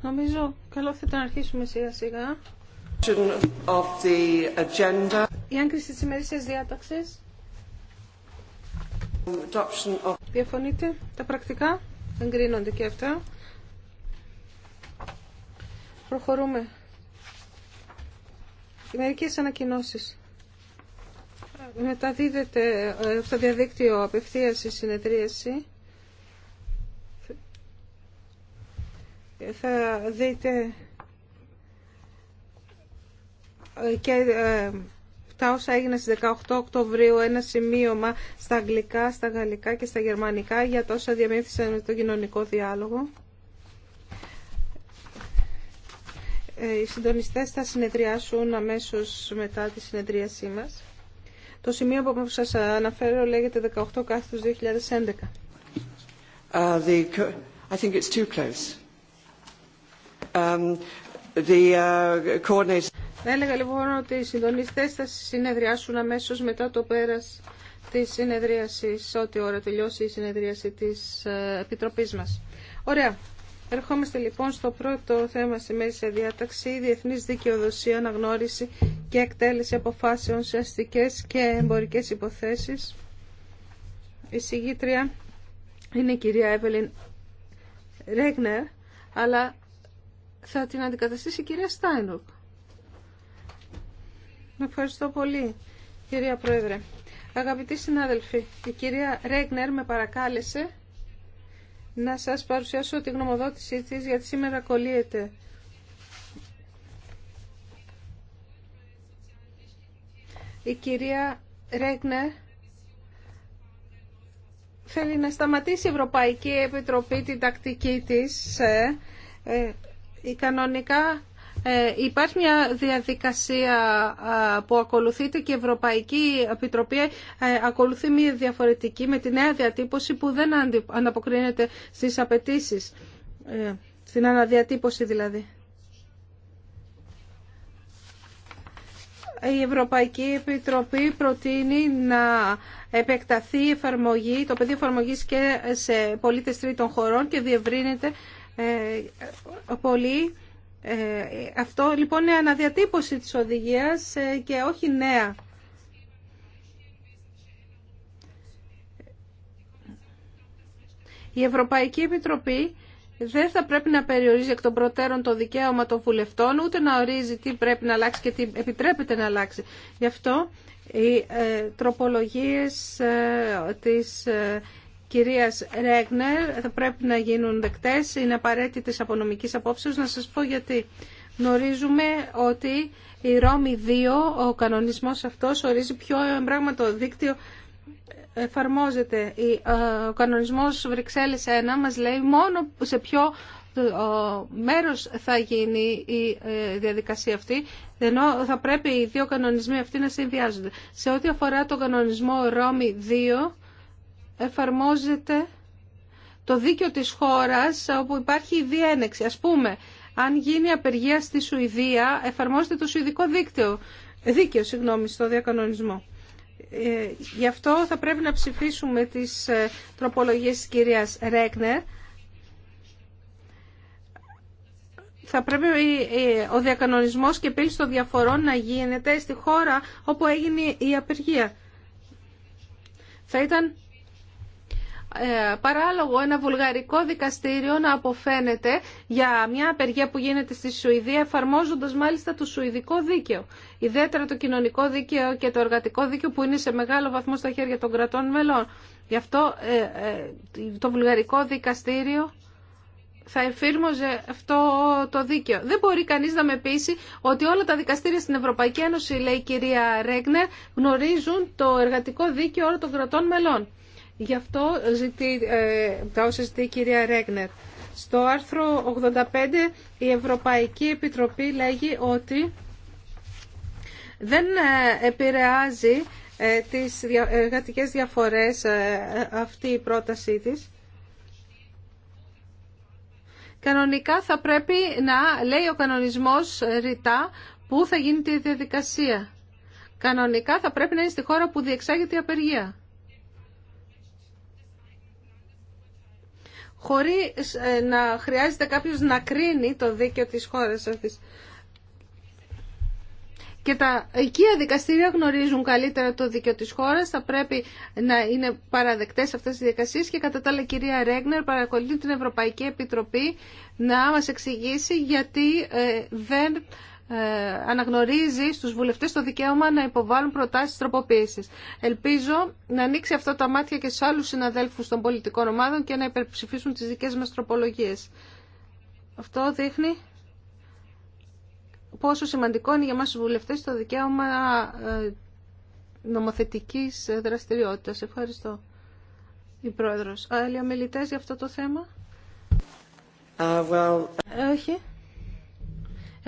Νομίζω καλό θα ήταν να αρχίσουμε σιγά σιγά. Η άγκριση της ημερήσιας διάταξης. Διαφωνείτε. Τα πρακτικά εγκρίνονται και αυτά. Προχωρούμε. Μερικές ανακοινώσεις. Μεταδίδεται ε, στο διαδίκτυο απευθείας η συνεδρίαση. θα δείτε και ε, τα όσα έγιναν στις 18 Οκτωβρίου ένα σημείωμα στα αγγλικά, στα γαλλικά και στα γερμανικά για τα όσα διαμήθησαν με τον κοινωνικό διάλογο. Ε, οι συντονιστές θα συνεδριάσουν αμέσως μετά τη συνεδρίασή μας. Το σημείο που σας αναφέρω λέγεται 18 κάθετος 2011. Uh, I think it's too close. Um, uh, θα Έλεγα λοιπόν ότι οι συντονιστές θα συνεδριάσουν αμέσως μετά το πέρας της συνεδρίασης, ό,τι ώρα τελειώσει η συνεδρίαση της ε, Επιτροπής μας. Ωραία. Ερχόμαστε λοιπόν στο πρώτο θέμα στη μέση διάταξη, η διεθνής δικαιοδοσία, αναγνώριση και εκτέλεση αποφάσεων σε αστικές και εμπορικές υποθέσεις. Η συγγήτρια είναι η κυρία Εύελιν Ρέγνερ, αλλά θα την αντικαταστήσει η κυρία Στάινοκ. Ευχαριστώ πολύ, κυρία Πρόεδρε. Αγαπητοί συνάδελφοι, η κυρία Ρέγνερ με παρακάλεσε να σας παρουσιάσω τη γνωμοδότησή της, γιατί σήμερα κολλείεται. Η κυρία Ρέγνερ θέλει να σταματήσει η Ευρωπαϊκή Επιτροπή την τακτική της ε, ε, ε, κανονικά ε, υπάρχει μια διαδικασία ε, που ακολουθείται και η Ευρωπαϊκή Επιτροπή ακολουθεί μια διαφορετική με τη νέα διατύπωση που δεν αναποκρίνεται στις απαιτήσει. Στην αναδιατύπωση δηλαδή. η Ευρωπαϊκή Επιτροπή προτείνει να επεκταθεί η εφαρμογή, το πεδίο εφαρμογή και σε πολίτες τρίτων χωρών και διευρύνεται ε, πολύ. Ε, αυτό λοιπόν είναι αναδιατύπωση της οδηγίας ε, και όχι νέα. Η Ευρωπαϊκή Επιτροπή δεν θα πρέπει να περιορίζει εκ των προτέρων το δικαίωμα των βουλευτών, ούτε να ορίζει τι πρέπει να αλλάξει και τι επιτρέπεται να αλλάξει. Γι' αυτό οι τροπολογίες της κυρίας Ρέγνερ θα πρέπει να γίνουν δεκτές, είναι απαραίτητες από νομικής απόψεως. Να σας πω γιατί γνωρίζουμε ότι η Ρώμη 2, ο κανονισμός αυτός, ορίζει ποιο το δίκτυο εφαρμόζεται. Ε, ο κανονισμός Βρυξέλλης 1 μας λέει μόνο σε ποιο ε, μέρος θα γίνει η ε, διαδικασία αυτή, ενώ θα πρέπει οι δύο κανονισμοί αυτοί να συνδυάζονται. Σε ό,τι αφορά τον κανονισμό Ρώμη 2, εφαρμόζεται το δίκαιο της χώρας όπου υπάρχει η διένεξη. Ας πούμε, αν γίνει απεργία στη Σουηδία, εφαρμόζεται το σουηδικό δίκτυο, δίκαιο συγγνώμη, στο διακανονισμό. Ε, γι' αυτό θα πρέπει να ψηφίσουμε τις ε, τροπολογίες της κυρίας Ρέκνερ. Θα πρέπει ε, ε, ο διακανονισμός και πύλης των διαφορών να γίνεται στη χώρα όπου έγινε η απεργία. Θα ήταν ε, παράλογο ένα βουλγαρικό δικαστήριο να αποφαίνεται για μια απεργία που γίνεται στη Σουηδία εφαρμόζοντας μάλιστα το σουηδικό δίκαιο. Ιδιαίτερα το κοινωνικό δίκαιο και το εργατικό δίκαιο που είναι σε μεγάλο βαθμό στα χέρια των κρατών μελών. Γι' αυτό ε, ε, το βουλγαρικό δικαστήριο θα εφήρμοζε αυτό το δίκαιο. Δεν μπορεί κανείς να με πείσει ότι όλα τα δικαστήρια στην Ευρωπαϊκή Ένωση, λέει η κυρία Ρέγνερ, γνωρίζουν το εργατικό δίκαιο όλων των κρατών μελών. Γι' αυτό ζητεί, ε, τα όσα ζητεί η κυρία Ρέγνερ. Στο άρθρο 85 η Ευρωπαϊκή Επιτροπή λέγει ότι δεν ε, επηρεάζει ε, τις εργατικές διαφορές αυτή η πρότασή της. Κανονικά θα πρέπει να λέει ο κανονισμός ρητά πού θα γίνεται η διαδικασία. Κανονικά θα πρέπει να είναι στη χώρα που θα γίνει τη απεργία. χωρίς ε, να χρειάζεται κάποιος να κρίνει το δίκαιο της χώρας αυτής. Και τα οικία δικαστήρια γνωρίζουν καλύτερα το δίκαιο της χώρας, θα πρέπει να είναι παραδεκτές αυτές οι διακασίες και κατά τα άλλα κυρία Ρέγνερ παρακολουθεί την Ευρωπαϊκή Επιτροπή να μας εξηγήσει γιατί ε, δεν ε, αναγνωρίζει στους βουλευτές το δικαίωμα να υποβάλουν προτάσεις τροποποίησης. Ελπίζω να ανοίξει αυτό τα μάτια και σε άλλους συναδέλφους των πολιτικών ομάδων και να υπερψηφίσουν τις δικές μας τροπολογίες. Αυτό δείχνει πόσο σημαντικό είναι για μας τους βουλευτές το δικαίωμα ε, νομοθετικής δραστηριότητας. Ευχαριστώ. Η Πρόεδρος. Άλλοι αμιλητές για αυτό το θέμα. Uh, well... Ε, όχι.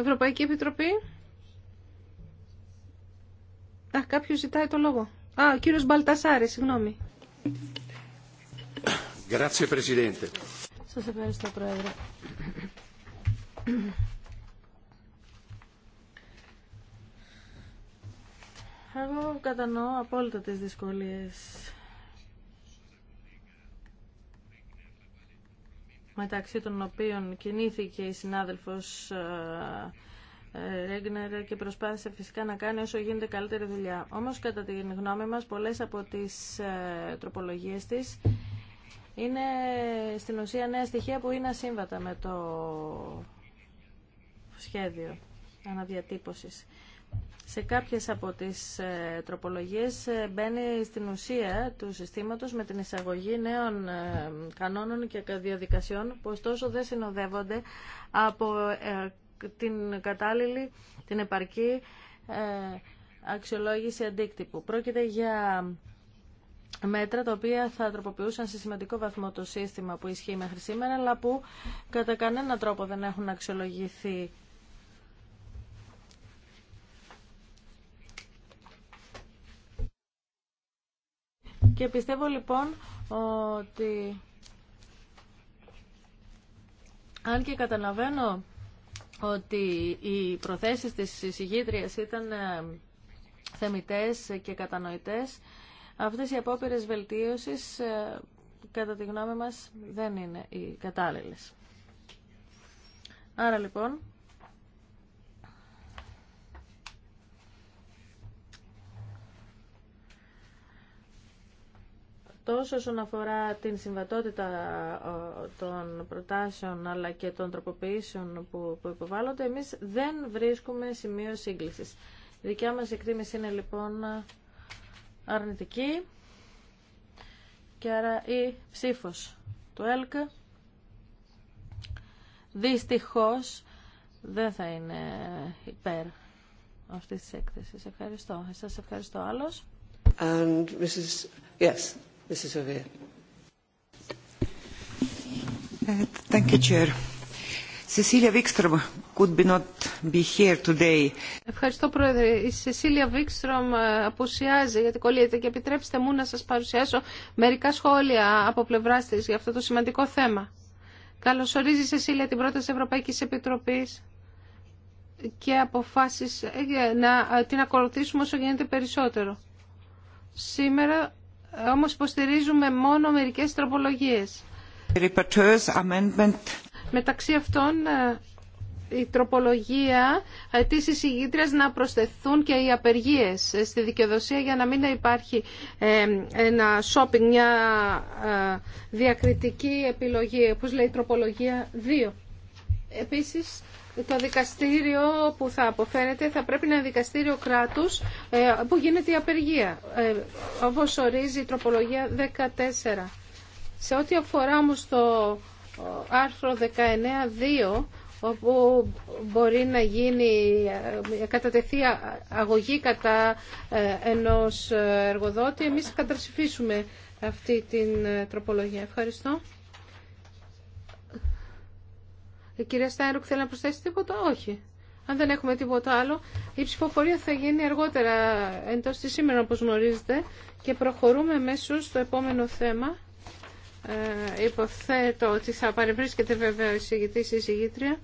Ευρωπαϊκή Επιτροπή. Α, κάποιος ζητάει το λόγο. Α, ο κύριος Μπαλτασάρη, συγγνώμη. Σα ευχαριστώ, Πρόεδρε. Εγώ κατανοώ απόλυτα τις δυσκολίες μεταξύ των οποίων κινήθηκε η συνάδελφος ε, ε, Ρέγνερ και προσπάθησε φυσικά να κάνει όσο γίνεται καλύτερη δουλειά. Όμως κατά τη γνώμη μας πολλές από τις ε, τροπολογίες της είναι στην ουσία νέα στοιχεία που είναι ασύμβατα με το σχέδιο αναδιατύπωσης σε κάποιες από τις ε, τροπολογίες ε, μπαίνει στην ουσία του συστήματος με την εισαγωγή νέων ε, κανόνων και διαδικασιών που ωστόσο δεν συνοδεύονται από την κατάλληλη, την επαρκή αξιολόγηση αντίκτυπου. Πρόκειται για μέτρα τα οποία θα τροποποιούσαν σε σημαντικό βαθμό το σύστημα που ισχύει μέχρι σήμερα αλλά που κατά κανένα τρόπο δεν έχουν αξιολογηθεί Και πιστεύω λοιπόν ότι αν και καταλαβαίνω ότι οι προθέσεις της εισηγήτριας ήταν ε, θεμητές και κατανοητές, αυτές οι απόπειρες βελτίωσης ε, κατά τη γνώμη μας δεν είναι οι κατάλληλες. Άρα λοιπόν, Τόσο όσον αφορά την συμβατότητα των προτάσεων αλλά και των τροποποιήσεων που, που υποβάλλονται, εμείς δεν βρίσκουμε σημείο σύγκλησης. Η δικιά μας εκτίμηση είναι λοιπόν αρνητική και άρα η ψήφος του ΕΛΚ δυστυχώς δεν θα είναι υπέρ αυτής της έκθεσης. Ευχαριστώ. Σας ευχαριστώ άλλος. And Mrs. Yes. Uh, Cecilia Wikström could be not be here today. Ευχαριστώ Πρόεδρε. Η Σεσίλια Βίξτρομ απουσιάζει γιατί κολλείται και επιτρέψτε μου να σας παρουσιάσω μερικά σχόλια από πλευράς της για αυτό το σημαντικό θέμα. Καλωσορίζει η Σεσίλια την πρόταση Ευρωπαϊκή Επιτροπής και αποφάσεις ε, να ε, την ακολουθήσουμε όσο γίνεται περισσότερο. Σήμερα όμως υποστηρίζουμε μόνο μερικές τροπολογίες. Μεταξύ αυτών ε, η τροπολογία της εισηγήτριας να προσθεθούν και οι απεργίες στη δικαιοδοσία για να μην υπάρχει ε, ένα shopping, μια ε, διακριτική επιλογή, όπως λέει η τροπολογία 2. Επίσης, το δικαστήριο που θα αποφαίνεται θα πρέπει να είναι δικαστήριο κράτους ε, που γίνεται η απεργία, ε, όπως ορίζει η τροπολογία 14. Σε ό,τι αφορά όμω το ε, άρθρο 19.2, όπου μπορεί να γίνει, κατατεθεί αγωγή κατά ενός εργοδότη, εμείς καταψηφίσουμε αυτή την τροπολογία. Ευχαριστώ. Η κυρία Στάιρουκ θέλει να προσθέσει τίποτα. Όχι. Αν δεν έχουμε τίποτα άλλο, η ψηφοφορία θα γίνει αργότερα εντός της σήμερα όπως γνωρίζετε και προχωρούμε μέσω στο επόμενο θέμα. Ε, υποθέτω ότι θα παρευρίσκεται βέβαια ο εισηγητής ή η εισηγήτρια.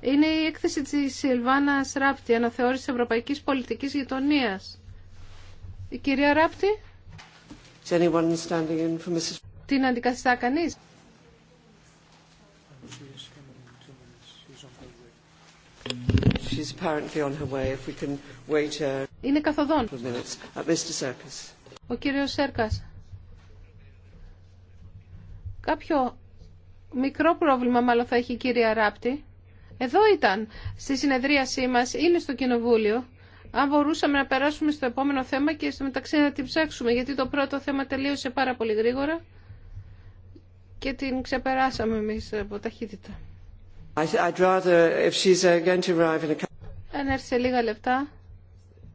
Είναι η έκθεση της Σιλβάνα Ράπτη, αναθεώρηση ευρωπαϊκής πολιτικής γειτονίας. Η κυρία Ράπτη. Την αντικαθιστά κανείς. Είναι καθοδόν. Ο κύριος Σέρκας. Κάποιο μικρό πρόβλημα μάλλον θα έχει η κυρία Ράπτη. Εδώ ήταν στη συνεδρίασή μας, είναι στο Κοινοβούλιο. Αν μπορούσαμε να περάσουμε στο επόμενο θέμα και στο μεταξύ να την ψάξουμε, γιατί το πρώτο θέμα τελείωσε πάρα πολύ γρήγορα και την ξεπεράσαμε εμείς ε, από ταχύτητα. I'd Αν έρθει σε λίγα λεπτά,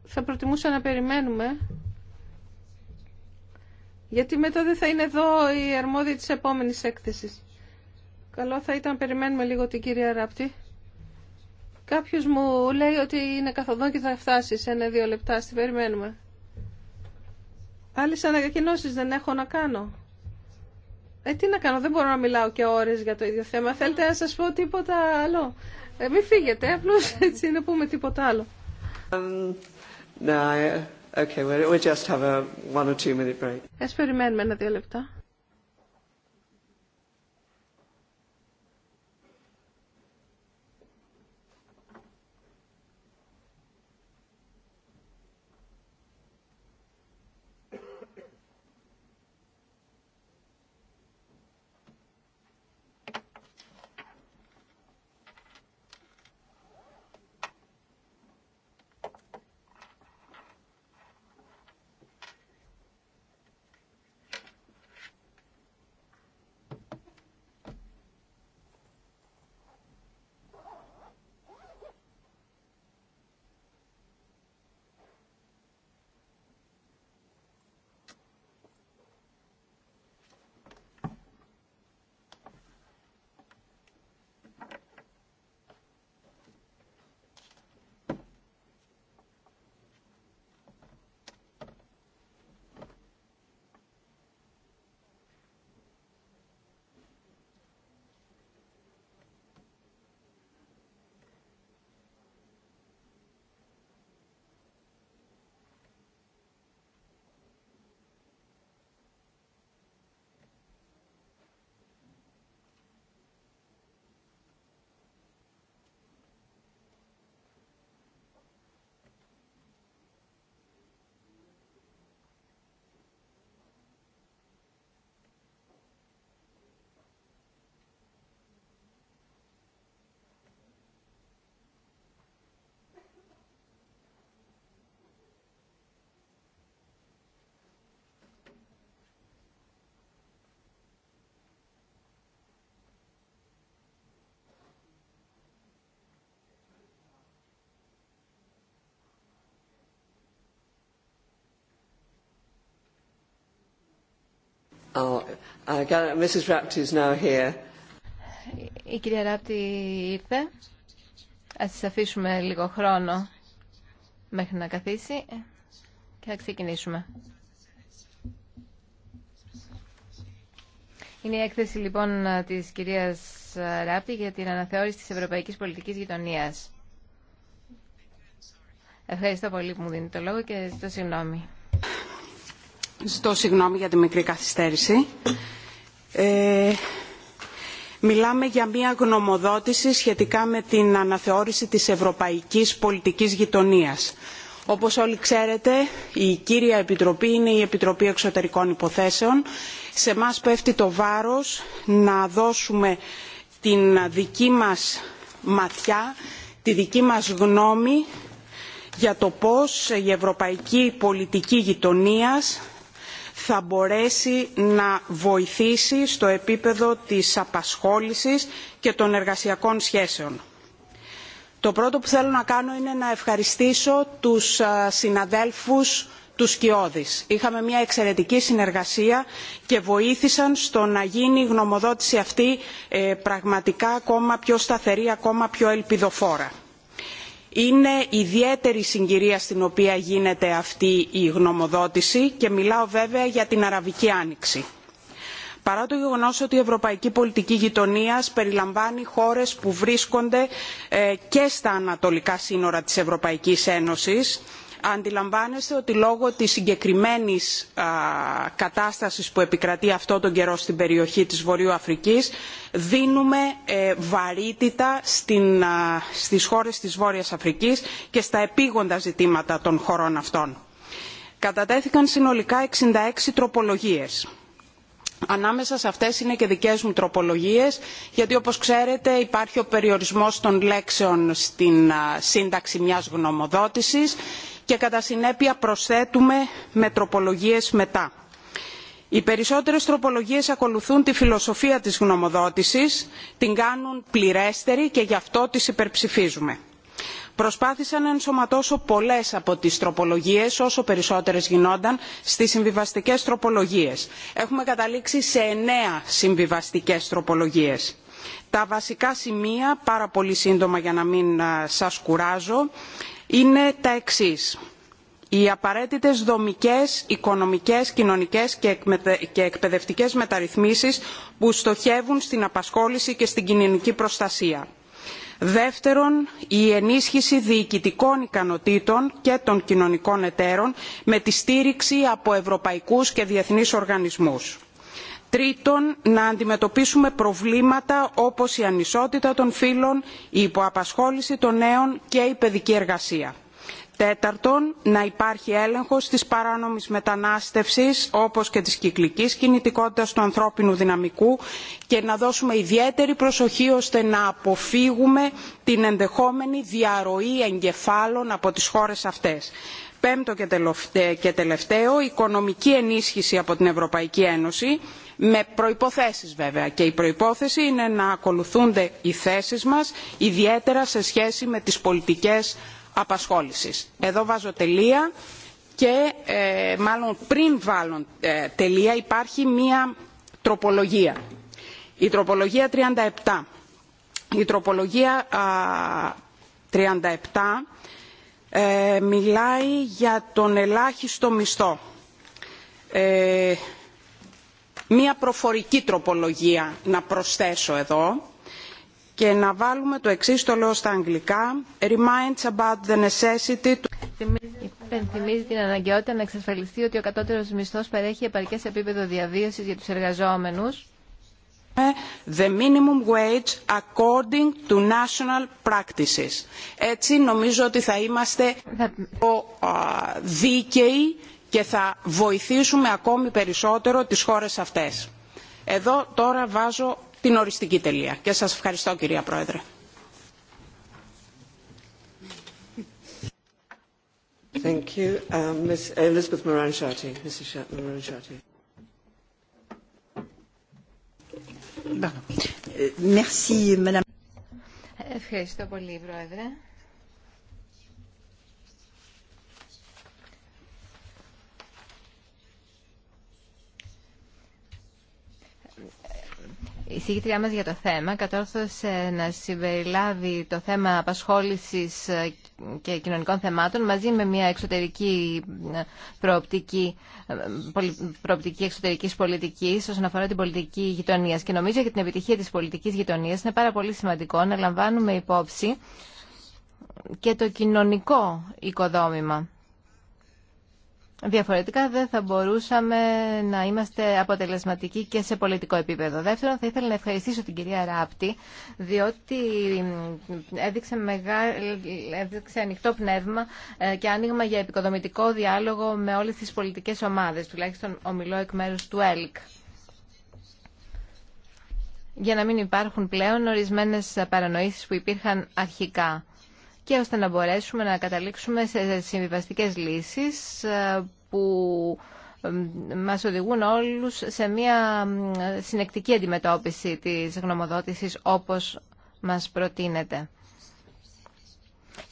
θα προτιμούσα να περιμένουμε. Γιατί μετά δεν θα είναι εδώ η αρμόδια της επόμενης έκθεσης. Καλό θα ήταν περιμένουμε λίγο την κυρία Ράπτη. Κάποιος μου λέει ότι είναι καθοδόν και θα φτάσει σε ένα-δύο λεπτά. Στην περιμένουμε. Άλλες ανακοινώσεις δεν έχω να κάνω. Ε, τι να κάνω, δεν μπορώ να μιλάω και ώρες για το ίδιο θέμα. Θέλετε να σα πω τίποτα άλλο. Ε, μην φύγετε, απλώ έτσι να πούμε τίποτα άλλο. Um, okay, we'll just have a one or two minute break. Ας περιμένουμε ένα-δύο λεπτά. Oh, η κυρία Ράπτη ήρθε. Ας της αφήσουμε λίγο χρόνο μέχρι να καθίσει και θα ξεκινήσουμε. Είναι η έκθεση λοιπόν της κυρίας Ράπτη για την αναθεώρηση της Ευρωπαϊκής Πολιτικής Γειτονίας. Ευχαριστώ πολύ που μου δίνετε το λόγο και ζητώ συγγνώμη. Ζητώ συγγνώμη για τη μικρή καθυστέρηση. Ε, μιλάμε για μια γνωμοδότηση σχετικά με την αναθεώρηση της ευρωπαϊκής πολιτικής γειτονίας. Όπως όλοι ξέρετε, η κύρια επιτροπή είναι η Επιτροπή Εξωτερικών Υποθέσεων. Σε μας πέφτει το βάρος να δώσουμε την δική μας ματιά, τη δική μας γνώμη για το πώς η ευρωπαϊκή πολιτική γειτονίας θα μπορέσει να βοηθήσει στο επίπεδο της απασχόλησης και των εργασιακών σχέσεων. Το πρώτο που θέλω να κάνω είναι να ευχαριστήσω τους συναδέλφους τους Σκιώδης. Είχαμε μια εξαιρετική συνεργασία και βοήθησαν στο να γίνει η γνωμοδότηση αυτή ε, πραγματικά ακόμα πιο σταθερή, ακόμα πιο ελπιδοφόρα είναι ιδιαίτερη συγκυρία στην οποία γίνεται αυτή η γνωμοδότηση και μιλάω βέβαια για την αραβική άνοιξη παρά το γεγονός ότι η ευρωπαϊκή πολιτική γειτονίας περιλαμβάνει χώρες που βρίσκονται ε, και στα ανατολικά σύνορα της ευρωπαϊκής ένωσης αντιλαμβάνεστε ότι λόγω της συγκεκριμένης κατάστασης που επικρατεί αυτό τον καιρό στην περιοχή της Βορείου Αφρικής δίνουμε ε, βαρύτητα στην, στις χώρες της Βόρειας Αφρικής και στα επίγοντα ζητήματα των χωρών αυτών. Κατατέθηκαν συνολικά 66 τροπολογίες ανάμεσα σε αυτές είναι και δικές μου τροπολογίες γιατί όπως ξέρετε υπάρχει ο περιορισμός των λέξεων στην σύνταξη μιας γνωμοδότησης και κατά συνέπεια προσθέτουμε με τροπολογίες μετά. Οι περισσότερες τροπολογίες ακολουθούν τη φιλοσοφία της γνωμοδότησης, την κάνουν πληρέστερη και γι' αυτό τις υπερψηφίζουμε προσπάθησα να ενσωματώσω πολλέ από τις τροπολογίες όσο περισσότερες γινόταν στις συμβιβαστικές τροπολογίες. έχουμε καταλήξει σε εννέα συμβιβαστικές τροπολογίες. τα βασικά σημεία πάρα πολύ σύντομα για να μην σας κουράζω είναι τα εξής οι απαραίτητες δομικές οικονομικές κοινωνικές και εκπαιδευτικές μεταρρυθμίσεις που στοχεύουν στην απασχόληση και στην κοινωνική προστασία δεύτερον η ενίσχυση διοικητικών ικανοτήτων και των κοινωνικών εταίρων με τη στήριξη από ευρωπαϊκούς και διεθνείς οργανισμούς τρίτον να αντιμετωπίσουμε προβλήματα όπως η ανισότητα των φύλων η υποαπασχόληση των νέων και η παιδική εργασία. Τέταρτον, να υπάρχει έλεγχος της παράνομης μετανάστευσης όπως και της κυκλικής κινητικότητας του ανθρώπινου δυναμικού και να δώσουμε ιδιαίτερη προσοχή ώστε να αποφύγουμε την ενδεχόμενη διαρροή εγκεφάλων από τις χώρες αυτές. Πέμπτο και τελευταίο, οικονομική ενίσχυση από την Ευρωπαϊκή Ένωση με προϋποθέσεις βέβαια και η προϋπόθεση είναι να ακολουθούνται οι θέσεις μας ιδιαίτερα σε σχέση με τις πολιτικές απασχόλησης. Εδώ βάζω τελεία και ε, μάλλον πριν βάλω ε, τελεία υπάρχει μία τροπολογία. Η τροπολογία 37. Η τροπολογία 37 ε, μιλάει για τον ελάχιστο μισθό. Μία προφορική τροπολογία να προσθέσω εδώ και να βάλουμε το εξής το λέω στα αγγλικά reminds about the necessity to... Υπενθυμίζει την αναγκαιότητα να εξασφαλιστεί ότι ο κατώτερος μισθός παρέχει επαρκές επίπεδο διαβίωσης για τους εργαζόμενους ε, the minimum wage according to national practices. Έτσι νομίζω ότι θα είμαστε α, δίκαιοι και θα βοηθήσουμε ακόμη περισσότερο τις χώρες αυτές. Εδώ τώρα βάζω την οριστική τελεία. Και σας ευχαριστώ κυρία Πρόεδρε. Thank you. Um, uh, Ms. Elizabeth Moranchati. Mrs. Moranchati. Merci, Madame. Ευχαριστώ πολύ, Πρόεδρε. η συγκεκριά μας για το θέμα κατόρθωσε να συμπεριλάβει το θέμα απασχόλησης και κοινωνικών θεμάτων μαζί με μια εξωτερική προοπτική, προοπτική εξωτερικής πολιτικής όσον αφορά την πολιτική γειτονία. Και νομίζω για την επιτυχία της πολιτικής γειτονία είναι πάρα πολύ σημαντικό να λαμβάνουμε υπόψη και το κοινωνικό οικοδόμημα. Διαφορετικά δεν θα μπορούσαμε να είμαστε αποτελεσματικοί και σε πολιτικό επίπεδο. Δεύτερον, θα ήθελα να ευχαριστήσω την κυρία Ράπτη, διότι έδειξε, μεγά έδειξε ανοιχτό πνεύμα ε, και άνοιγμα για επικοδομητικό διάλογο με όλες τις πολιτικές ομάδες, τουλάχιστον ομιλώ εκ μέρους του ΕΛΚ για να μην υπάρχουν πλέον ορισμένες παρανοήσεις που υπήρχαν αρχικά και ώστε να μπορέσουμε να καταλήξουμε σε συμβιβαστικές λύσεις ε, που ε, μας οδηγούν όλους σε μια συνεκτική αντιμετώπιση της γνωμοδότησης όπως μας προτείνεται.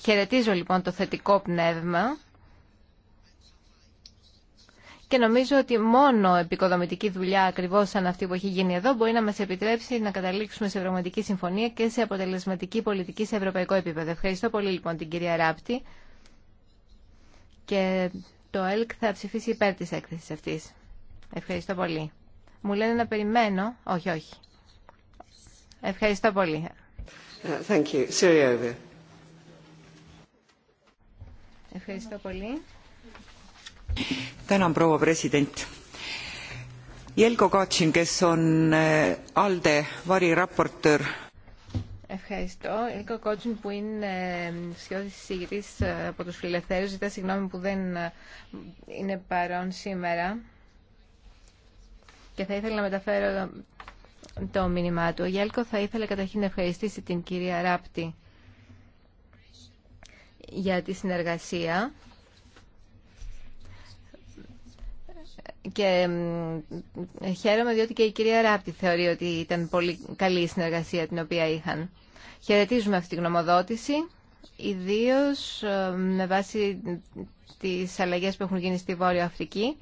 Χαιρετίζω λοιπόν το θετικό πνεύμα και νομίζω ότι μόνο επικοδομητική δουλειά ακριβώς σαν αυτή που έχει γίνει εδώ μπορεί να μας επιτρέψει να καταλήξουμε σε πραγματική συμφωνία και σε αποτελεσματική πολιτική σε ευρωπαϊκό επίπεδο. Ευχαριστώ πολύ λοιπόν την κυρία Ράπτη και το ΕΛΚ θα ψηφίσει υπέρ τη έκθεση αυτής. Ευχαριστώ πολύ. Μου λένε να περιμένω. Όχι, όχι. Ευχαριστώ πολύ. Uh, thank you. Ευχαριστώ πολύ jelko kacin kes on äh, alde variraportöör Ευχαριστώ. Ελίκο Κότσιν που είναι σχεδόν συζητητής ε, από του φιλελευθέρους. Ζητά συγγνώμη που δεν ε, είναι παρόν σήμερα. Και θα ήθελα να μεταφέρω το μήνυμά του. Ο θα ήθελε καταρχήν να ευχαριστήσει την κυρία Ράπτη για τη συνεργασία και χαίρομαι διότι και η κυρία Ράπτη θεωρεί ότι ήταν πολύ καλή η συνεργασία την οποία είχαν. Χαιρετίζουμε αυτή την γνωμοδότηση, ιδίως ε, με βάση τις αλλαγές που έχουν γίνει στη Βόρεια Αφρική.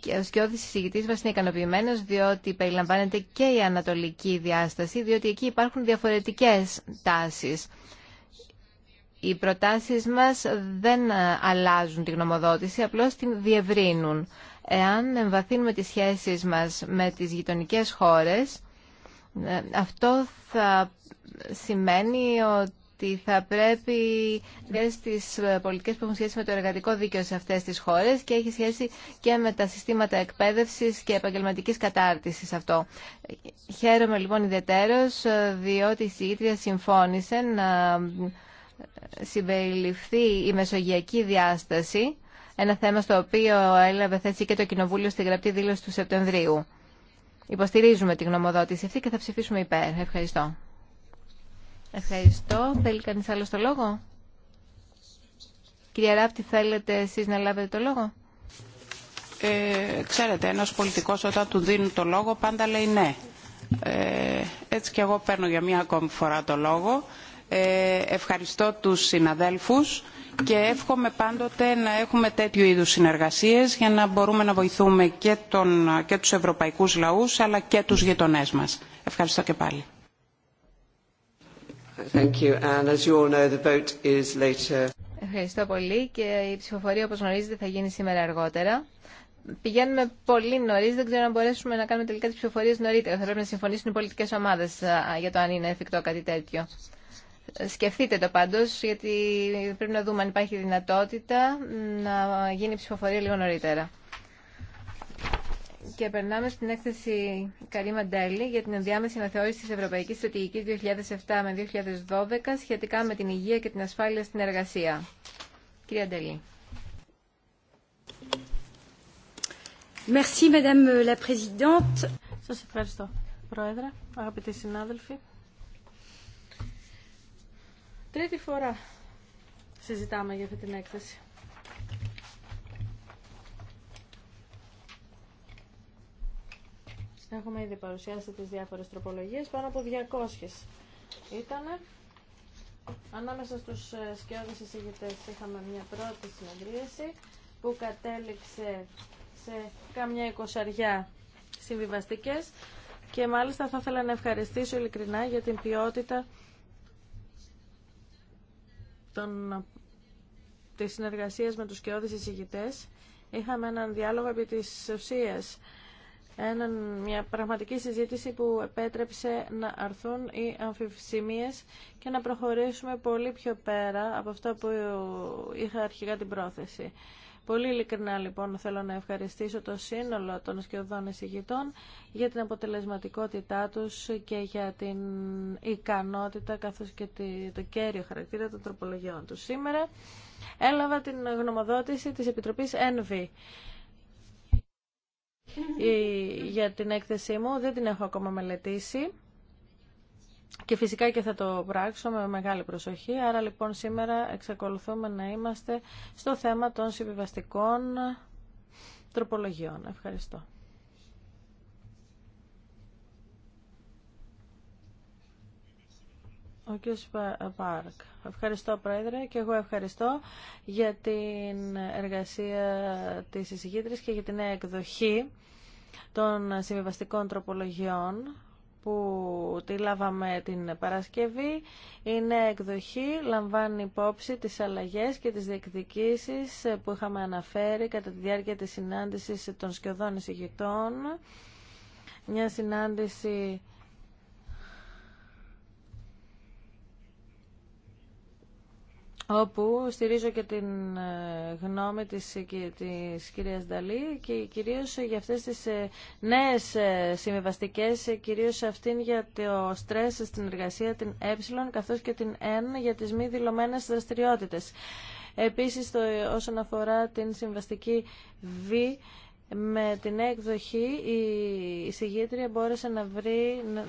Και ο σκιώδης συζητητής μας είναι ικανοποιημένο διότι περιλαμβάνεται και η ανατολική διάσταση, διότι εκεί υπάρχουν διαφορετικές τάσεις. Οι προτάσεις μας δεν αλλάζουν τη γνωμοδότηση, απλώς την διευρύνουν. Εάν εμβαθύνουμε τις σχέσεις μας με τις γειτονικές χώρες, ε, αυτό θα σημαίνει ότι θα πρέπει στις πολιτικές που έχουν σχέση με το εργατικό δίκαιο σε αυτές τις χώρες και έχει σχέση και με τα συστήματα εκπαίδευσης και επαγγελματικής κατάρτισης αυτό. Χαίρομαι λοιπόν ιδιαίτερος ε, διότι η Συγκήτρια συμφώνησε να ε, συμπεριληφθεί η μεσογειακή διάσταση ένα θέμα στο οποίο έλαβε θέση και το Κοινοβούλιο στη γραπτή δήλωση του Σεπτεμβρίου. Υποστηρίζουμε τη γνωμοδότηση αυτή και θα ψηφίσουμε υπέρ. Ευχαριστώ. Ευχαριστώ. Θέλει κανεί άλλο το λόγο. Κυρία Ράπτη, θέλετε εσεί να λάβετε το λόγο. Ε, ξέρετε, ένα πολιτικό όταν του δίνουν το λόγο πάντα λέει ναι. Ε, έτσι και εγώ παίρνω για μία ακόμη φορά το λόγο. Ε, ευχαριστώ τους συναδέλφους και εύχομαι πάντοτε να έχουμε τέτοιου είδους συνεργασίες για να μπορούμε να βοηθούμε και, τον, και τους ευρωπαϊκούς λαούς αλλά και τους γειτονές μας. Ευχαριστώ και πάλι. Ευχαριστώ πολύ και η ψηφοφορία όπως γνωρίζετε θα γίνει σήμερα αργότερα. Πηγαίνουμε πολύ νωρί, δεν ξέρω αν μπορέσουμε να κάνουμε τελικά τι ψηφοφορίε νωρίτερα. Θα πρέπει να συμφωνήσουν οι πολιτικέ ομάδε για το αν είναι εφικτό κάτι τέτοιο. Σκεφτείτε το πάντως, γιατί πρέπει να δούμε αν υπάρχει δυνατότητα να γίνει ψηφοφορία λίγο νωρίτερα. Και περνάμε στην έκθεση Καρή Μαντέλη για την ενδιάμεση αναθεώρηση τη Ευρωπαϊκής Στρατηγικής 2007 με 2012 σχετικά με την υγεία και την ασφάλεια στην εργασία. Κυρία Ντελή. Merci, ευχαριστώ, Πρόεδρε, αγαπητοί συνάδελφοι. Τρίτη φορά συζητάμε για αυτή την έκθεση. Έχουμε ήδη παρουσιάσει τις διάφορες τροπολογίες, πάνω από 200 ήταν. Ανάμεσα στους ε, σκιώδες εισηγητές είχαμε μια πρώτη συνεδρίαση που κατέληξε σε κάμια εικοσαριά συμβιβαστικές και μάλιστα θα ήθελα να ευχαριστήσω ειλικρινά για την ποιότητα των, της συνεργασίας με τους κοιόδης εισηγητές είχαμε έναν διάλογο επί της ουσίας. Έναν, μια πραγματική συζήτηση που επέτρεψε να αρθούν οι αμφισημίες και να προχωρήσουμε πολύ πιο πέρα από αυτό που είχα αρχικά την πρόθεση. Πολύ ειλικρινά λοιπόν θέλω να ευχαριστήσω το σύνολο των σκιωδών εισηγητών για την αποτελεσματικότητά τους και για την ικανότητα καθώς και το κέριο χαρακτήρα των τροπολογιών τους. Σήμερα έλαβα την γνωμοδότηση της Επιτροπής ΕΝΒΗ για την έκθεσή μου. Δεν την έχω ακόμα μελετήσει. Και φυσικά και θα το πράξω με μεγάλη προσοχή. Άρα λοιπόν σήμερα εξακολουθούμε να είμαστε στο θέμα των συμβιβαστικών τροπολογιών. Ευχαριστώ. Ο κ. Πάρκ. Ευχαριστώ, Πρόεδρε, και εγώ ευχαριστώ για την εργασία της εισηγήτρης και για την εκδοχή των συμβιβαστικών τροπολογιών που τη λάβαμε την Παρασκευή είναι εκδοχή, λαμβάνει υπόψη τις αλλαγές και τις διεκδικήσεις που είχαμε αναφέρει κατά τη διάρκεια της συνάντησης των σκιωδών εισηγητών. Μια συνάντηση όπου στηρίζω και την ε, γνώμη της, ε, της κυρίας Νταλή και κυρίως για αυτές τις ε, νέες συμβιβαστικές, κυρίως αυτήν για το στρες στην εργασία, την ε, καθώς και την ν για τις μη δηλωμένες δραστηριότητες. Επίσης, το, όσον αφορά την συμβαστική β, με την έκδοχη η συγγήτρια μπόρεσε να βρει να,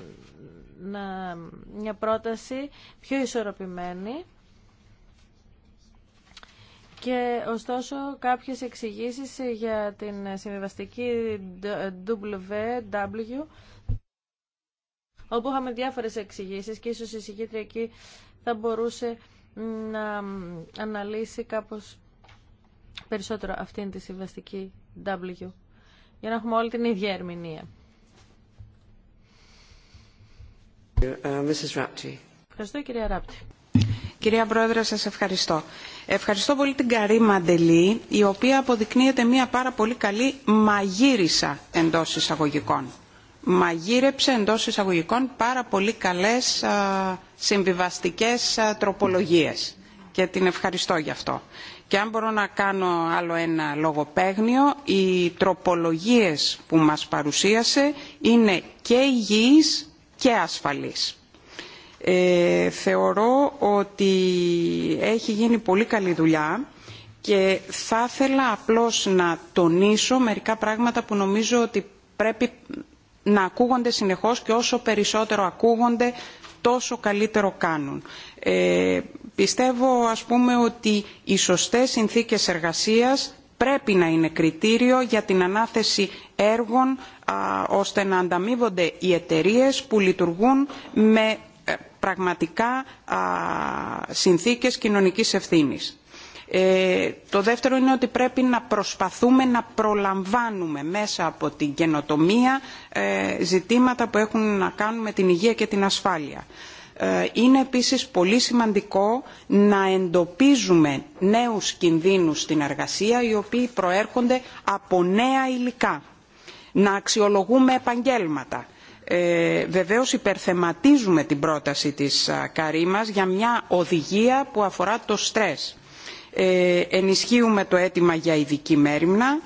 να, μια πρόταση πιο ισορροπημένη και ωστόσο κάποιες εξηγήσει για την συμβιβαστική WW όπου είχαμε διάφορες εξηγήσει και ίσως η συγκήτρια εκεί θα μπορούσε να αναλύσει κάπως περισσότερο αυτήν τη συμβαστική W για να έχουμε όλη την ίδια ερμηνεία. Ε, ε, Ευχαριστώ κυρία Ράπτη. Κυρία Πρόεδρε, σας ευχαριστώ. Ευχαριστώ πολύ την Καρή Μαντελή, η οποία αποδεικνύεται μια πάρα πολύ καλή μαγείρισα εντός εισαγωγικών. Μαγείρεψε εντός εισαγωγικών πάρα πολύ καλές συμβιβαστικέ συμβιβαστικές τροπολογίες και την ευχαριστώ γι' αυτό. Και αν μπορώ να κάνω άλλο ένα λογοπαίγνιο, οι τροπολογίες που μας παρουσίασε είναι και υγιείς και ασφαλείς ε, θεωρώ ότι έχει γίνει πολύ καλή δουλειά και θα ήθελα απλώς να τονίσω μερικά πράγματα που νομίζω ότι πρέπει να ακούγονται συνεχώς και όσο περισσότερο ακούγονται τόσο καλύτερο κάνουν. Ε, πιστεύω ας πούμε ότι οι σωστές συνθήκες εργασίας πρέπει να είναι κριτήριο για την ανάθεση έργων ώστε να ανταμείβονται οι εταιρείες που λειτουργούν με πραγματικά συνθήκες κοινωνικής ευθύνης. Ε, το δεύτερο είναι ότι πρέπει να προσπαθούμε να προλαμβάνουμε μέσα από την καινοτομία ε, ζητήματα που έχουν να κάνουν με την υγεία και την ασφάλεια. Ε, είναι επίσης πολύ σημαντικό να εντοπίζουμε νέους κινδύνους στην εργασία οι οποίοι προέρχονται από νέα υλικά. Να αξιολογούμε επαγγέλματα ε, βεβαίως υπερθεματίζουμε την πρόταση της Καρίμας για μια οδηγία που αφορά το στρες. Ε, ενισχύουμε το αίτημα για ειδική μέρημνα,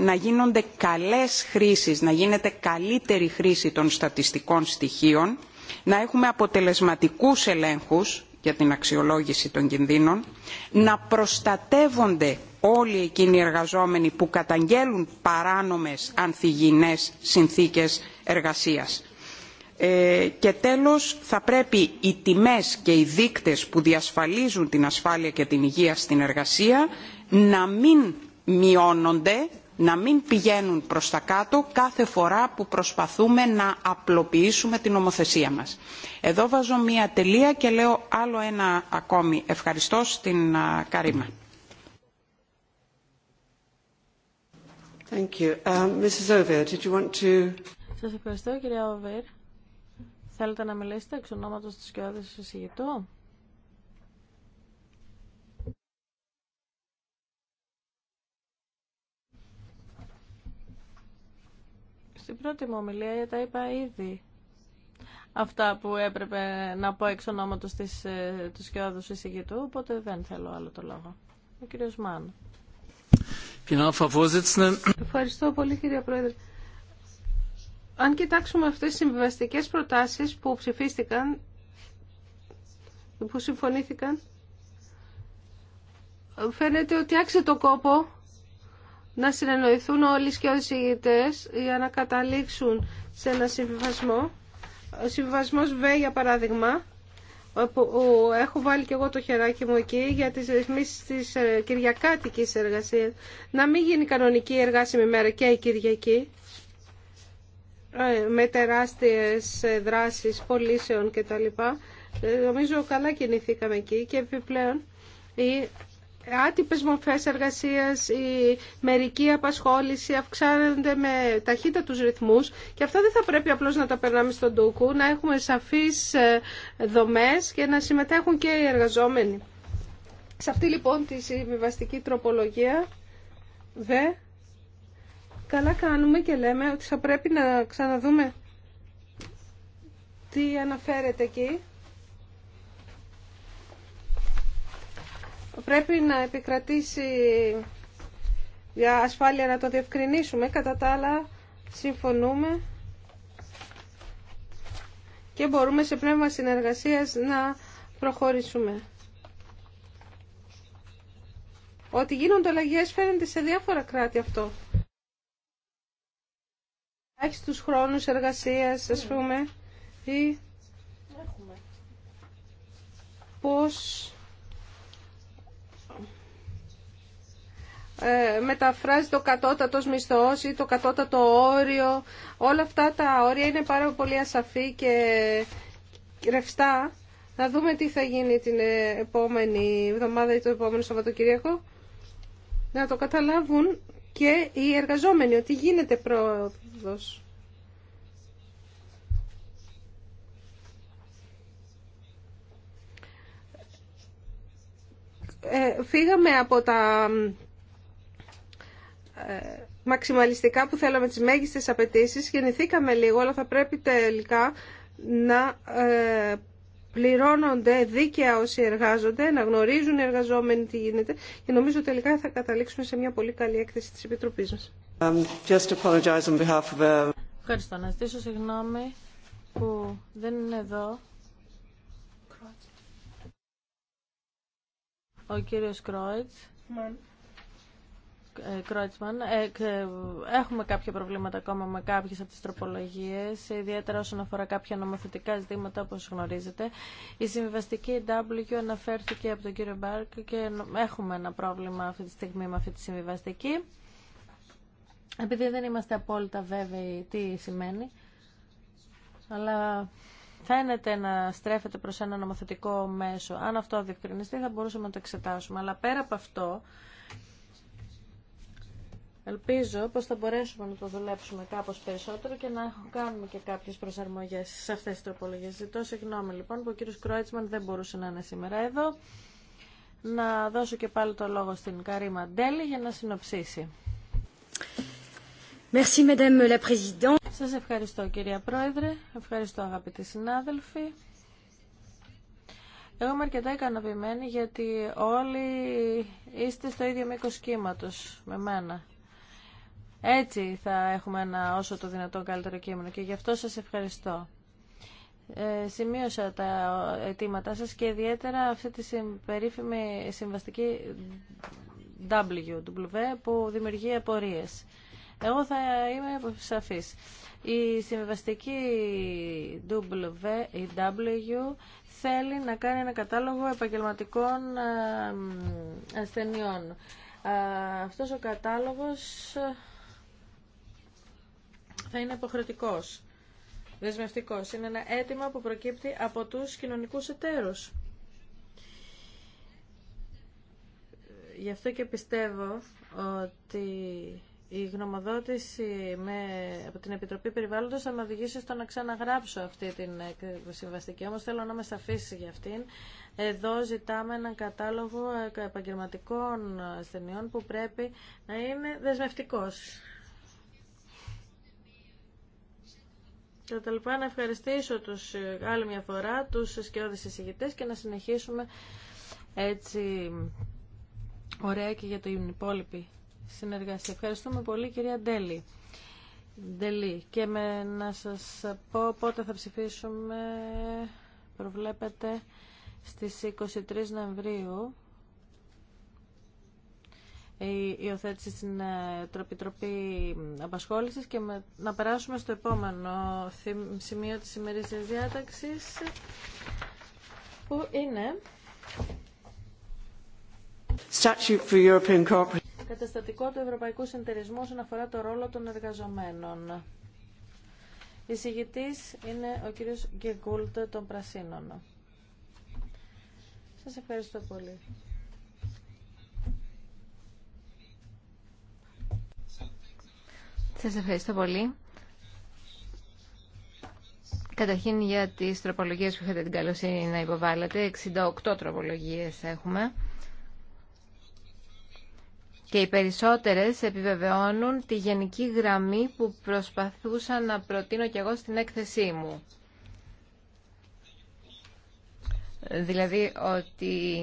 να γίνονται καλές χρήσεις, να γίνεται καλύτερη χρήση των στατιστικών στοιχείων, να έχουμε αποτελεσματικούς ελέγχους για την αξιολόγηση των κινδύνων, να προστατεύονται όλοι εκείνοι οι εργαζόμενοι που καταγγέλουν παράνομες ανθυγιεινές συνθήκες εργασίας. Ε, και τέλος θα πρέπει οι τιμές και οι δείκτες που διασφαλίζουν την ασφάλεια και την υγεία στην εργασία να μην μειώνονται να μην πηγαίνουν προς τα κάτω κάθε φορά που προσπαθούμε να απλοποιήσουμε την νομοθεσία μας. Εδώ βάζω μία τελεία και λέω άλλο ένα ακόμη ευχαριστώ στην Καρίμα. Thank um, Σας ευχαριστώ, κυρία Οβίρ. Θέλετε να μιλήσετε εξ ονόματος του σκιώδης Στην πρώτη μου ομιλία τα είπα ήδη αυτά που έπρεπε να πω εξ ονόματος της, ε, του σκιώδους εισηγητού, οπότε δεν θέλω άλλο το λόγο. Ο κύριος Μάν. Ευχαριστώ πολύ κύριε Πρόεδρε. Αν κοιτάξουμε αυτές τις συμβιβαστικές προτάσεις που ψηφίστηκαν, που συμφωνήθηκαν, φαίνεται ότι άξιζε το κόπο να συνεννοηθούν όλοι και όλοι οι συγητές για να καταλήξουν σε ένα συμβιβασμό. Ο συμβιβασμός Β, για παράδειγμα, που έχω βάλει και εγώ το χεράκι μου εκεί για τις ρυθμίσεις της ε, κυριακάτικης εργασίας. Να μην γίνει κανονική εργάσιμη μέρα και η Κυριακή ε, με τεράστιες ε, δράσεις πολίσεων κτλ. Νομίζω καλά κινηθήκαμε εκεί και επιπλέον άτυπες μορφές εργασίας, η μερική απασχόληση αυξάνονται με ταχύτητα τους ρυθμούς και αυτό δεν θα πρέπει απλώς να τα περνάμε στον τούκου, να έχουμε σαφείς ε, δομές και να συμμετέχουν και οι εργαζόμενοι. Σε αυτή λοιπόν τη συμβιβαστική τροπολογία δε καλά κάνουμε και λέμε ότι θα πρέπει να ξαναδούμε τι αναφέρεται εκεί Πρέπει να επικρατήσει για ασφάλεια να το διευκρινίσουμε. Κατά τα άλλα, συμφωνούμε και μπορούμε σε πνεύμα συνεργασίας να προχωρήσουμε. Ότι γίνονται αλλαγέ φαίνεται σε διάφορα κράτη αυτό. Έχεις τους χρόνους εργασίας, ας πούμε, ή πώς Ε, μεταφράζει το κατώτατος μισθός ή το κατώτατο όριο. Όλα αυτά τα όρια είναι πάρα πολύ ασαφή και ρευστά. Να δούμε τι θα γίνει την επόμενη εβδομάδα ή το επόμενο Σαββατοκυριακό. Να το καταλάβουν και οι εργαζόμενοι ότι γίνεται πρόοδος. Ε, φύγαμε από τα ε, μαξιμαλιστικά που θέλαμε τις μέγιστες απαιτήσει. γεννηθήκαμε λίγο, αλλά θα πρέπει τελικά να ε, πληρώνονται δίκαια όσοι εργάζονται, να γνωρίζουν οι εργαζόμενοι τι γίνεται και νομίζω τελικά θα καταλήξουμε σε μια πολύ καλή έκθεση της Επιτροπής μας. Um, uh, Ευχαριστώ. Να ζητήσω συγγνώμη που δεν είναι εδώ. Ο κύριος Κρόιτς. Ε, Κρότσμαν. Ε, έχουμε κάποια προβλήματα ακόμα με κάποιες από τις τροπολογίες, ιδιαίτερα όσον αφορά κάποια νομοθετικά ζητήματα, όπως γνωρίζετε. Η συμβιβαστική W αναφέρθηκε από τον κύριο Μπάρκ και έχουμε ένα πρόβλημα αυτή τη στιγμή με αυτή τη συμβιβαστική. Επειδή δεν είμαστε απόλυτα βέβαιοι τι σημαίνει, αλλά φαίνεται να στρέφεται προς ένα νομοθετικό μέσο. Αν αυτό διευκρινιστεί θα μπορούσαμε να το εξετάσουμε. Αλλά πέρα από αυτό, Ελπίζω πως θα μπορέσουμε να το δουλέψουμε κάπως περισσότερο και να κάνουμε και κάποιες προσαρμογές σε αυτές τις τροπολογίες. Ζητώ συγγνώμη λοιπόν που ο κύριος Κρόιτσμαν δεν μπορούσε να είναι σήμερα εδώ. Να δώσω και πάλι το λόγο στην Καρίμα Ντέλη για να συνοψίσει. Σα Σας ευχαριστώ κυρία Πρόεδρε, ευχαριστώ αγαπητοί συνάδελφοι. Εγώ είμαι αρκετά ικανοποιημένη γιατί όλοι είστε στο ίδιο μήκο κύματο με μένα. Έτσι θα έχουμε ένα όσο το δυνατόν καλύτερο κείμενο και γι' αυτό σας ευχαριστώ. Ε, σημείωσα τα αιτήματά σας και ιδιαίτερα αυτή τη περίφημη συμβαστική W, που δημιουργεί απορίες. Εγώ θα είμαι σαφής. Η συμβαστική W θέλει να κάνει ένα κατάλογο επαγγελματικών ε, ασθενειών. Αυτός ο κατάλογος θα είναι υποχρεωτικό. δεσμευτικό. Είναι ένα αίτημα που προκύπτει από τους κοινωνικού εταίρου. Γι' αυτό και πιστεύω ότι η γνωμοδότηση με, από την Επιτροπή Περιβάλλοντος θα με οδηγήσει στο να ξαναγράψω αυτή την συμβαστική. Όμως θέλω να με σαφής για αυτήν. Εδώ ζητάμε έναν κατάλογο επαγγελματικών ασθενειών που πρέπει να είναι δεσμευτικός. και τα λοιπά, να ευχαριστήσω τους, ε, άλλη μια φορά τους σκιώδεις εισηγητές και να συνεχίσουμε έτσι ωραία και για το υπόλοιπη συνεργασία. Ευχαριστούμε πολύ κυρία Ντέλη. Ντελή. Και με, να σας πω πότε θα ψηφίσουμε προβλέπετε στις 23 Νοεμβρίου η υιοθέτηση στην ε, Επιτροπή Απασχόλησης και να περάσουμε στο επόμενο σημείο της ημερήσιας διάταξης που είναι for Καταστατικό του Ευρωπαϊκού Συντερισμού όσον αφορά το ρόλο των εργαζομένων. Η συγητής είναι ο κύριος Γκεγκούλτ των Πρασίνων. Σας ευχαριστώ πολύ. Σας ευχαριστώ πολύ. Καταρχήν για τις τροπολογίες που είχατε την καλοσύνη να υποβάλλατε, 68 τροπολογίες έχουμε και οι περισσότερες επιβεβαιώνουν τη γενική γραμμή που προσπαθούσα να προτείνω κι εγώ στην έκθεσή μου. Δηλαδή ότι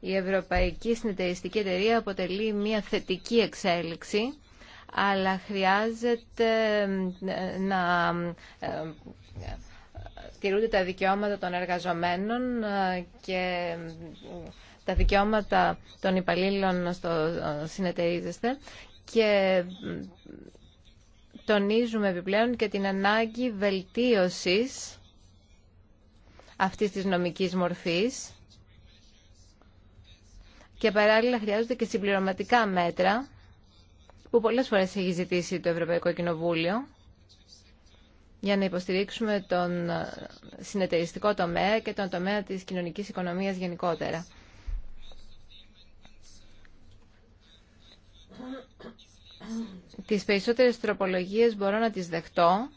η Ευρωπαϊκή Συνεταιριστική Εταιρεία αποτελεί μια θετική εξέλιξη αλλά χρειάζεται να ε, τηρούνται τα δικαιώματα των εργαζομένων ε, και τα δικαιώματα των υπαλλήλων στο ε, συνεταιρίζεστε και τονίζουμε επιπλέον και την ανάγκη βελτίωσης αυτής της νομικής μορφής και παράλληλα χρειάζονται και συμπληρωματικά μέτρα που πολλές φορές έχει ζητήσει το Ευρωπαϊκό Κοινοβούλιο για να υποστηρίξουμε τον συνεταιριστικό τομέα και τον τομέα της κοινωνικής οικονομίας γενικότερα. Τις περισσότερες τροπολογίες μπορώ να τις δεχτώ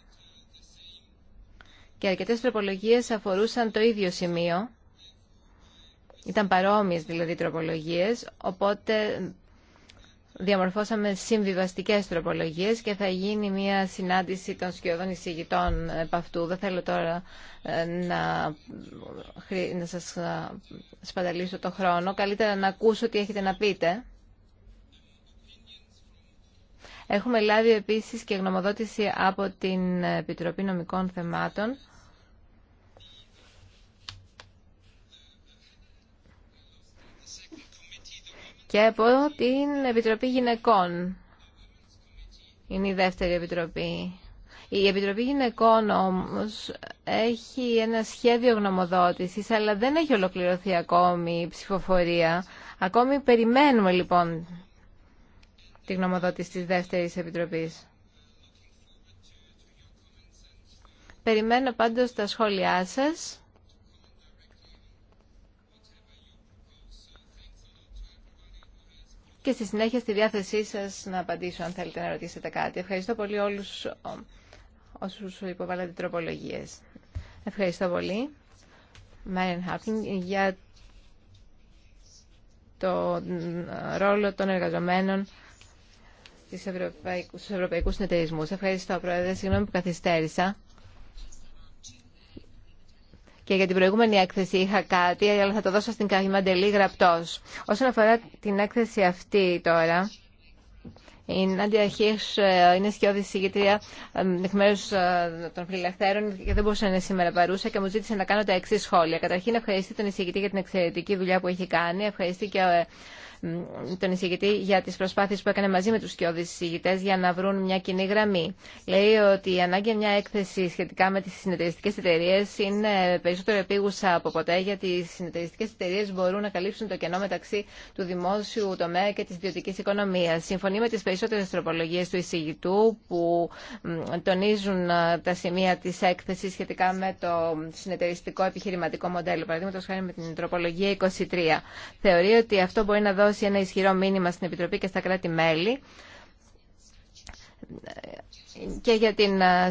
και αρκετές τροπολογίες αφορούσαν το ίδιο σημείο. Ήταν παρόμοιες δηλαδή τροπολογίες, οπότε διαμορφώσαμε συμβιβαστικές τροπολογίες και θα γίνει μια συνάντηση των σκιωδών εισηγητών επ' αυτού. Δεν θέλω τώρα ε, να, να σας ε, σπαταλήσω το χρόνο. Καλύτερα να ακούσω τι έχετε να πείτε. Έχουμε λάβει επίσης και γνωμοδότηση από την Επιτροπή Νομικών Θεμάτων και από την Επιτροπή Γυναικών. Είναι η δεύτερη Επιτροπή. Η Επιτροπή Γυναικών όμως έχει ένα σχέδιο γνωμοδότησης, αλλά δεν έχει ολοκληρωθεί ακόμη η ψηφοφορία. Ακόμη περιμένουμε λοιπόν τη γνωμοδότηση της δεύτερης Επιτροπής. Περιμένω πάντως τα σχόλιά σας και στη συνέχεια στη διάθεσή σας να απαντήσω αν θέλετε να ρωτήσετε κάτι. Ευχαριστώ πολύ όλους όσους υποβάλλατε τροπολογίες. Ευχαριστώ πολύ, Μάριαν Χάρκινγκ, για το ρόλο των εργαζομένων στους ευρωπαϊκούς συνεταιρισμούς. Ευχαριστώ, Πρόεδρε. Συγγνώμη που καθυστέρησα και για την προηγούμενη έκθεση είχα κάτι, αλλά θα το δώσω στην Καγιμαντελή γραπτός. Όσον αφορά την έκθεση αυτή τώρα, η Νάντια Χίρς ε, είναι σκιώδη συγγήτρια ε, εκ μέρου ε, των φιλελευθέρων και δεν μπορούσε να είναι σήμερα παρούσα και μου ζήτησε να κάνω τα εξή σχόλια. Καταρχήν, ευχαριστεί τον εισηγητή για την εξαιρετική δουλειά που έχει κάνει. Ευχαριστεί και τον εισηγητή για τις προσπάθειες που έκανε μαζί με τους σκιώδεις εισηγητές για να βρουν μια κοινή γραμμή. Λέει ότι η ανάγκη μια έκθεση σχετικά με τις συνεταιριστικές εταιρείε είναι περισσότερο επίγουσα από ποτέ γιατί οι συνεταιριστικές εταιρείε μπορούν να καλύψουν το κενό μεταξύ του δημόσιου τομέα και της ιδιωτικής οικονομίας. Συμφωνεί με τις περισσότερες τροπολογίες του εισηγητού που τονίζουν τα σημεία της έκθεση σχετικά με το συνεταιριστικό επιχειρηματικό μοντέλο, παραδείγματος χάρη με την τροπολογία 23. Θεωρεί ότι αυτό μπορεί να δώσει δώσει ένα ισχυρό μήνυμα στην Επιτροπή και στα κράτη-μέλη και για την, ε,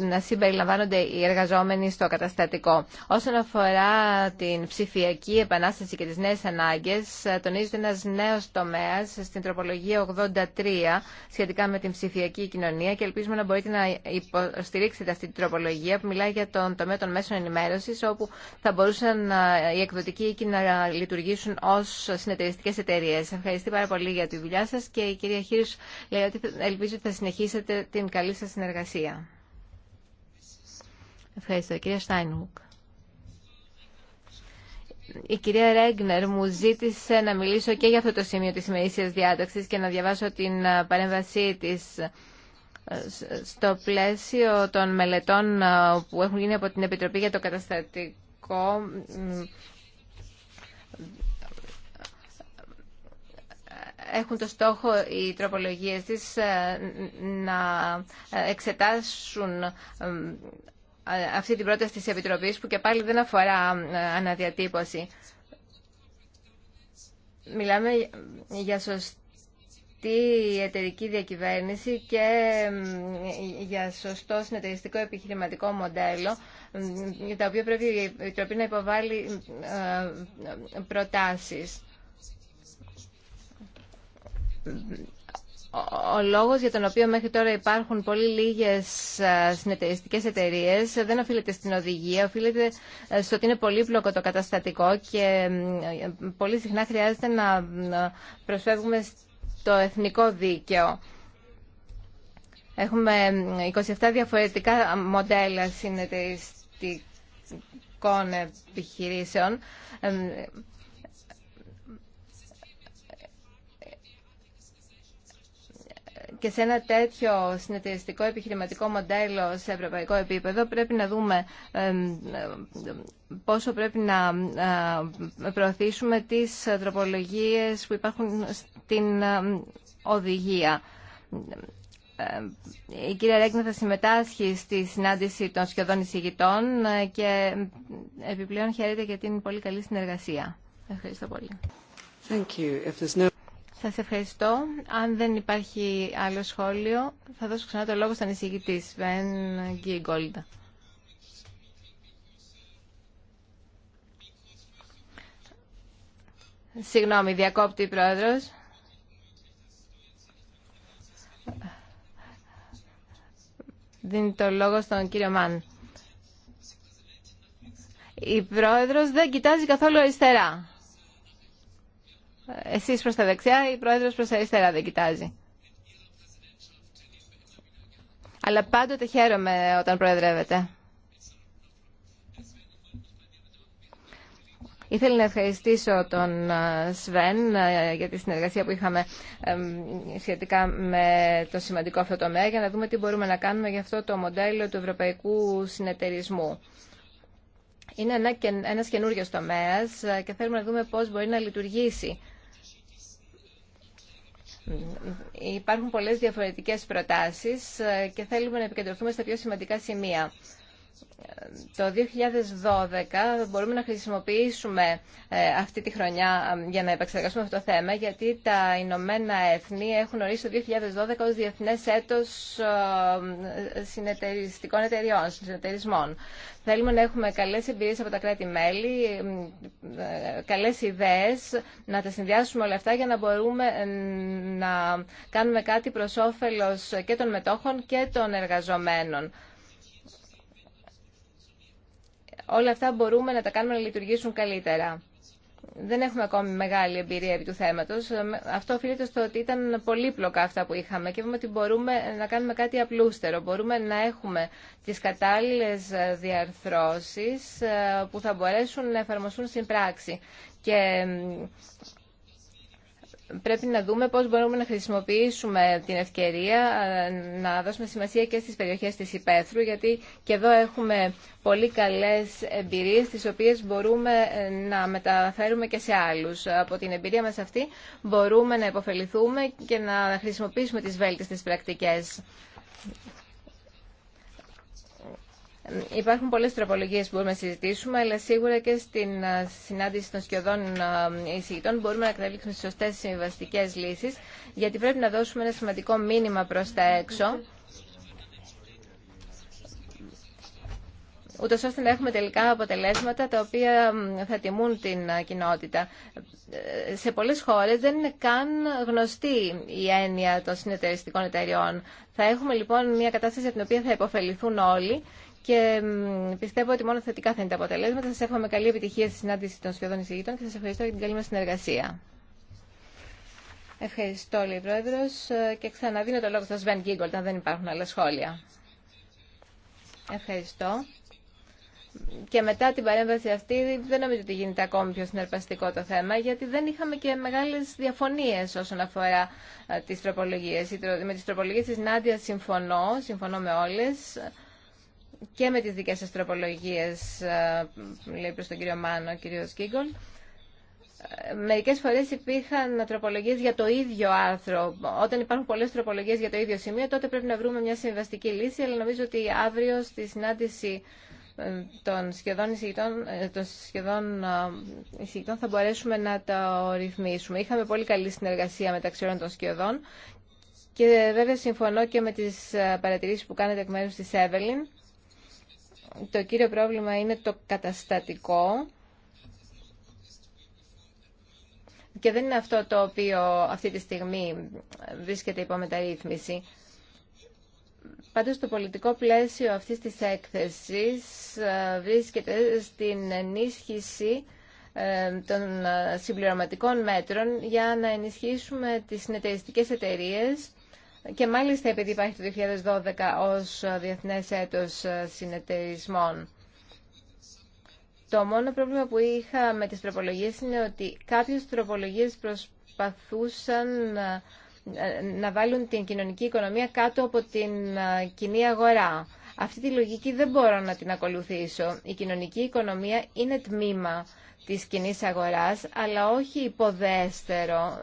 ε, να συμπεριλαμβάνονται οι εργαζόμενοι στο καταστατικό. Όσον αφορά την ψηφιακή επανάσταση και τις νέες ανάγκες, ε, τονίζεται ένας νέος τομέας στην τροπολογία 83 σχετικά με την ψηφιακή κοινωνία και ελπίζουμε να μπορείτε να υποστηρίξετε αυτή την τροπολογία που μιλάει για τον τομέα των μέσων ενημέρωσης όπου θα μπορούσαν οι εκδοτικοί εκεί να λειτουργήσουν ως συνεταιριστικές εταιρείε. Ευχαριστώ πάρα πολύ για τη δουλειά σας και η κυρία Χίρους λέει ότι ελπίζω ότι θα συνεχίσετε την καλή καλή συνεργασία. Ευχαριστώ. Κυρία Στάινουκ. Η κυρία Ρέγνερ μου ζήτησε να μιλήσω και για αυτό το σημείο της ημερήσιας διάταξης και να διαβάσω την ε, παρέμβασή της ε, στο πλαίσιο των μελετών ε, που έχουν γίνει από την Επιτροπή για το Καταστατικό έχουν το στόχο οι τροπολογίες της ε, να εξετάσουν ε, αυτή την πρόταση της Επιτροπής που και πάλι δεν αφορά ε, αναδιατύπωση. Μιλάμε για σωστή εταιρική διακυβέρνηση και για σωστό συνεταιριστικό επιχειρηματικό μοντέλο, για τα οποία πρέπει η Επιτροπή να υποβάλει προτάσεις ο λόγος για τον οποίο μέχρι τώρα υπάρχουν πολύ λίγες συνεταιριστικές εταιρείε δεν οφείλεται στην οδηγία, οφείλεται ε, στο ότι είναι πολύπλοκο το καταστατικό και ε, πολύ συχνά χρειάζεται να προσφεύγουμε στο εθνικό δίκαιο. Έχουμε 27 ε, διαφορετικά μοντέλα συνεταιριστικών επιχειρήσεων και σε ένα τέτοιο συνεταιριστικό επιχειρηματικό μοντέλο σε ευρωπαϊκό επίπεδο πρέπει να δούμε πόσο πρέπει να ε, προωθήσουμε τις τροπολογίες που υπάρχουν στην ε, οδηγία. Ε, η κυρία Ρέγκνα θα συμμετάσχει στη συνάντηση των σχεδόν εισηγητών και επιπλέον χαίρεται για την πολύ καλή συνεργασία. Ευχαριστώ πολύ. Thank you. If there's no... Σα ευχαριστώ. Αν δεν υπάρχει άλλο σχόλιο, θα δώσω ξανά το λόγο στον εισηγητή Σβέν Γκίγκολντα. Συγγνώμη, διακόπτη η πρόεδρος. Δίνει το λόγο στον κύριο Μάν. Η πρόεδρος δεν κοιτάζει καθόλου αριστερά. Εσείς προς τα δεξιά, η πρόεδρος προς τα αριστερά δεν κοιτάζει. Αλλά πάντοτε χαίρομαι όταν προεδρεύετε. Ήθελα να ευχαριστήσω τον ε, Σβέν ε, για τη συνεργασία που είχαμε σχετικά με το σημαντικό αυτό τομέα για να δούμε τι μπορούμε να κάνουμε για αυτό το μοντέλο του ευρωπαϊκού συνεταιρισμού. Είναι ένα, ένας καινούριο τομέας ε, και θέλουμε να δούμε πώς μπορεί να λειτουργήσει Υπάρχουν πολλές διαφορετικές προτάσεις ε, και θέλουμε να επικεντρωθούμε στα πιο σημαντικά σημεία το 2012 μπορούμε να χρησιμοποιήσουμε ε, αυτή τη χρονιά ε, για να επεξεργαστούμε αυτό το θέμα, γιατί τα Ηνωμένα Έθνη έχουν ορίσει το 2012 ως Διεθνές Έτος ε, Συνεταιριστικών Εταιριών, Συνεταιρισμών. Θέλουμε να έχουμε καλές εμπειρίες από τα κράτη-μέλη, καλές ιδέες, να τα συνδυάσουμε όλα αυτά για να μπορούμε να κάνουμε κάτι προς όφελος και των μετόχων και των εργαζομένων όλα αυτά μπορούμε να τα κάνουμε να λειτουργήσουν καλύτερα. Δεν έχουμε ακόμη μεγάλη εμπειρία επί του θέματο. Ε, αυτό οφείλεται στο ότι ήταν πολύπλοκα αυτά που είχαμε και είπαμε ότι μπορούμε να κάνουμε κάτι απλούστερο. Μπορούμε να έχουμε τι κατάλληλε διαρθρώσει ε, που θα μπορέσουν να εφαρμοστούν στην πράξη. Και πρέπει να δούμε πώς μπορούμε να χρησιμοποιήσουμε την ευκαιρία ε, να δώσουμε σημασία και στις περιοχές της Υπέθρου, γιατί και εδώ έχουμε πολύ καλές εμπειρίες, τις οποίες μπορούμε ε, να μεταφέρουμε και σε άλλους. Από την εμπειρία μας αυτή μπορούμε να υποφεληθούμε και να χρησιμοποιήσουμε τις βέλτιστες πρακτικές. Υπάρχουν πολλές τροπολογίες που μπορούμε να συζητήσουμε, αλλά σίγουρα και στην ε, συνάντηση των σκιωδών ε, εισηγητών μπορούμε να καταλήξουμε στις σωστές συμβαστικέ λύσεις, γιατί πρέπει να δώσουμε ένα σημαντικό μήνυμα προς τα έξω, ούτως ώστε να έχουμε τελικά αποτελέσματα τα οποία θα τιμούν την ε, κοινότητα. Σε πολλές χώρες δεν είναι καν γνωστή η έννοια των συνεταιριστικών εταιριών. Θα έχουμε λοιπόν μια κατάσταση από την οποία θα υποφεληθούν όλοι και πιστεύω ότι μόνο θετικά θα είναι τα αποτελέσματα. Σα εύχομαι καλή επιτυχία στη συνάντηση των σχεδόν εισηγητών και σα ευχαριστώ για την καλή μα συνεργασία. Ευχαριστώ, λέει πρόεδρο, ε, και ξαναδίνω το λόγο στον Σβέν Γκίγκολτ, αν δεν υπάρχουν άλλα σχόλια. Ευχαριστώ. Και μετά την παρέμβαση αυτή δεν νομίζω ότι γίνεται ακόμη πιο συναρπαστικό το θέμα, γιατί δεν είχαμε και μεγάλε διαφωνίε όσον αφορά ε, τι τροπολογίε. Με τι τροπολογίε τη Νάντια συμφωνώ, συμφωνώ με όλε και με τις δικές σας τροπολογίες, ε, λέει προς τον κύριο Μάνο, ο κύριος Κίγκολ. Ε, μερικές φορές υπήρχαν τροπολογίες για το ίδιο άρθρο. Όταν υπάρχουν πολλές τροπολογίες για το ίδιο σημείο, τότε πρέπει να βρούμε μια συμβαστική λύση, αλλά νομίζω ότι αύριο στη συνάντηση ε, των σχεδόν εισηγητών, των σχεδόν εισηγητών θα μπορέσουμε να τα ρυθμίσουμε. Είχαμε πολύ καλή συνεργασία μεταξύ όλων των σχεδόν και βέβαια συμφωνώ και με τις παρατηρήσεις που κάνετε εκ μέρους της Εύελιν το κύριο πρόβλημα είναι το καταστατικό και δεν είναι αυτό το οποίο αυτή τη στιγμή βρίσκεται υπό μεταρρύθμιση. Πάντως το πολιτικό πλαίσιο αυτής της έκθεσης ε, βρίσκεται στην ενίσχυση ε, των συμπληρωματικών μέτρων για να ενισχύσουμε τις συνεταιριστικές εταιρείες και μάλιστα επειδή υπάρχει το 2012 ως Διεθνές Έτος Συνεταιρισμών. Το μόνο πρόβλημα που είχα με τις τροπολογίες είναι ότι κάποιες τροπολογίες προσπαθούσαν ε, ε, να βάλουν την κοινωνική οικονομία κάτω από την ε, κοινή αγορά. Αυτή τη λογική δεν μπορώ να την ακολουθήσω. Η κοινωνική οικονομία είναι τμήμα της κοινής αγοράς, αλλά όχι υποδέστερο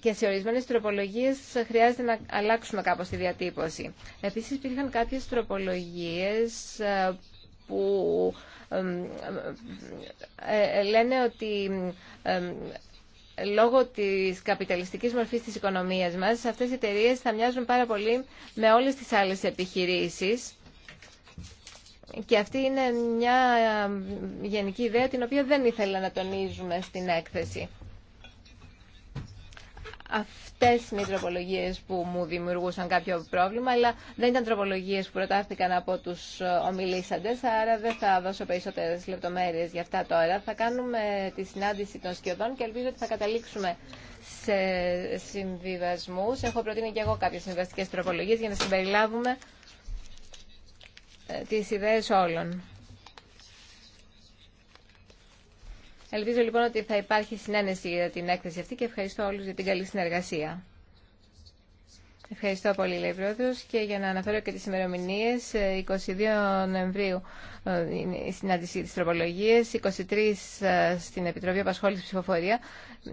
και σε ορισμένε τροπολογίε χρειάζεται να αλλάξουμε κάπως τη διατύπωση. Επίση, υπήρχαν κάποιε τροπολογίε ε, που ε, ε, λένε ότι λόγω της καπιταλιστικής μορφής της οικονομίας μας αυτές οι εταιρείε θα μοιάζουν πάρα πολύ με όλες τις άλλες επιχειρήσεις και αυτή είναι μια γενική ιδέα την οποία δεν ήθελα να τονίζουμε στην έκθεση. Αυτές είναι οι τροπολογίες που μου δημιουργούσαν κάποιο πρόβλημα, αλλά δεν ήταν τροπολογίες που προτάθηκαν από τους ομιλήσαντες, άρα δεν θα δώσω περισσότερες λεπτομέρειες για αυτά τώρα. Θα κάνουμε τη συνάντηση των σκιωδών και ελπίζω ότι θα καταλήξουμε σε συμβιβασμούς. Έχω προτείνει και εγώ κάποιες συμβαστικές τροπολογίες για να συμπεριλάβουμε ε, τις ιδέες όλων. Ελπίζω λοιπόν ότι θα υπάρχει συνένεση για την έκθεση αυτή και ευχαριστώ όλους για την καλή συνεργασία. Ευχαριστώ πολύ, λέει Πρόεδρος. Και για να αναφέρω και τις ημερομηνίε 22 ε, Νοεμβρίου ε, η συνάντηση της τροπολογίας, 23 ε, στην Επιτροπή Απασχόλησης Ψηφοφορία, 21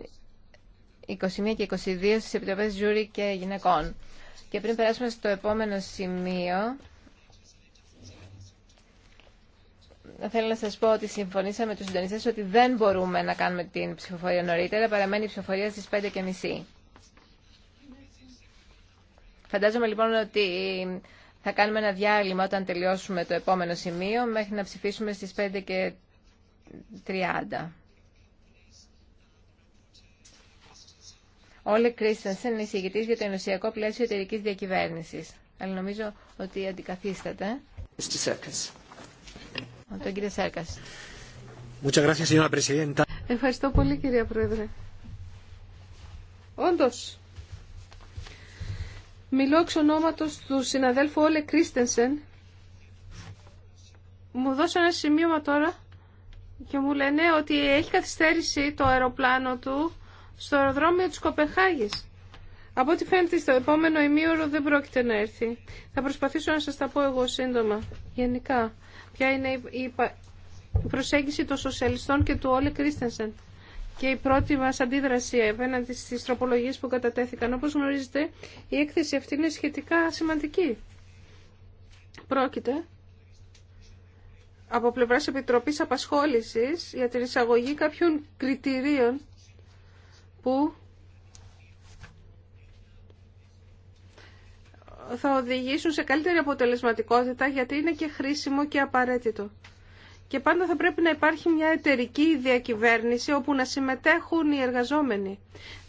και 22 στις Επιτροπές Ζούρι και Γυναικών. Και πριν περάσουμε στο επόμενο σημείο, θέλω να σας πω ότι συμφωνήσαμε με τους συντονιστέ ότι δεν μπορούμε να κάνουμε την ψηφοφορία νωρίτερα, παραμένει η ψηφοφορία στις 5.30. Φαντάζομαι λοιπόν ότι θα κάνουμε ένα διάλειμμα όταν τελειώσουμε το επόμενο σημείο μέχρι να ψηφίσουμε στις 5 και 30. Όλε Κρίστανσεν είναι εισηγητής για το ενωσιακό πλαίσιο εταιρική διακυβέρνησης. Αλλά νομίζω ότι αντικαθίσταται. Mr. Ευχαριστώ πολύ κυρία Πρόεδρε. Όντω. μιλώ εξ ονόματος του συναδέλφου Όλε Κρίστενσεν. Μου δώσε ένα σημείωμα τώρα και μου λένε ότι έχει καθυστέρηση το αεροπλάνο του στο αεροδρόμιο της Κοπεχάγης. Από ό,τι φαίνεται στο επόμενο ημίωρο δεν πρόκειται να έρθει. Θα προσπαθήσω να σας τα πω εγώ σύντομα, γενικά ποια είναι η προσέγγιση των σοσιαλιστών και του Όλε Κρίστενσεν και η πρώτη μας αντίδραση επέναντι στις τροπολογίες που κατατέθηκαν. Όπως γνωρίζετε, η έκθεση αυτή είναι σχετικά σημαντική. Πρόκειται από πλευράς Επιτροπής Απασχόλησης για την εισαγωγή κάποιων κριτηρίων που θα οδηγήσουν σε καλύτερη αποτελεσματικότητα γιατί είναι και χρήσιμο και απαραίτητο. Και πάντα θα πρέπει να υπάρχει μια εταιρική διακυβέρνηση όπου να συμμετέχουν οι εργαζόμενοι.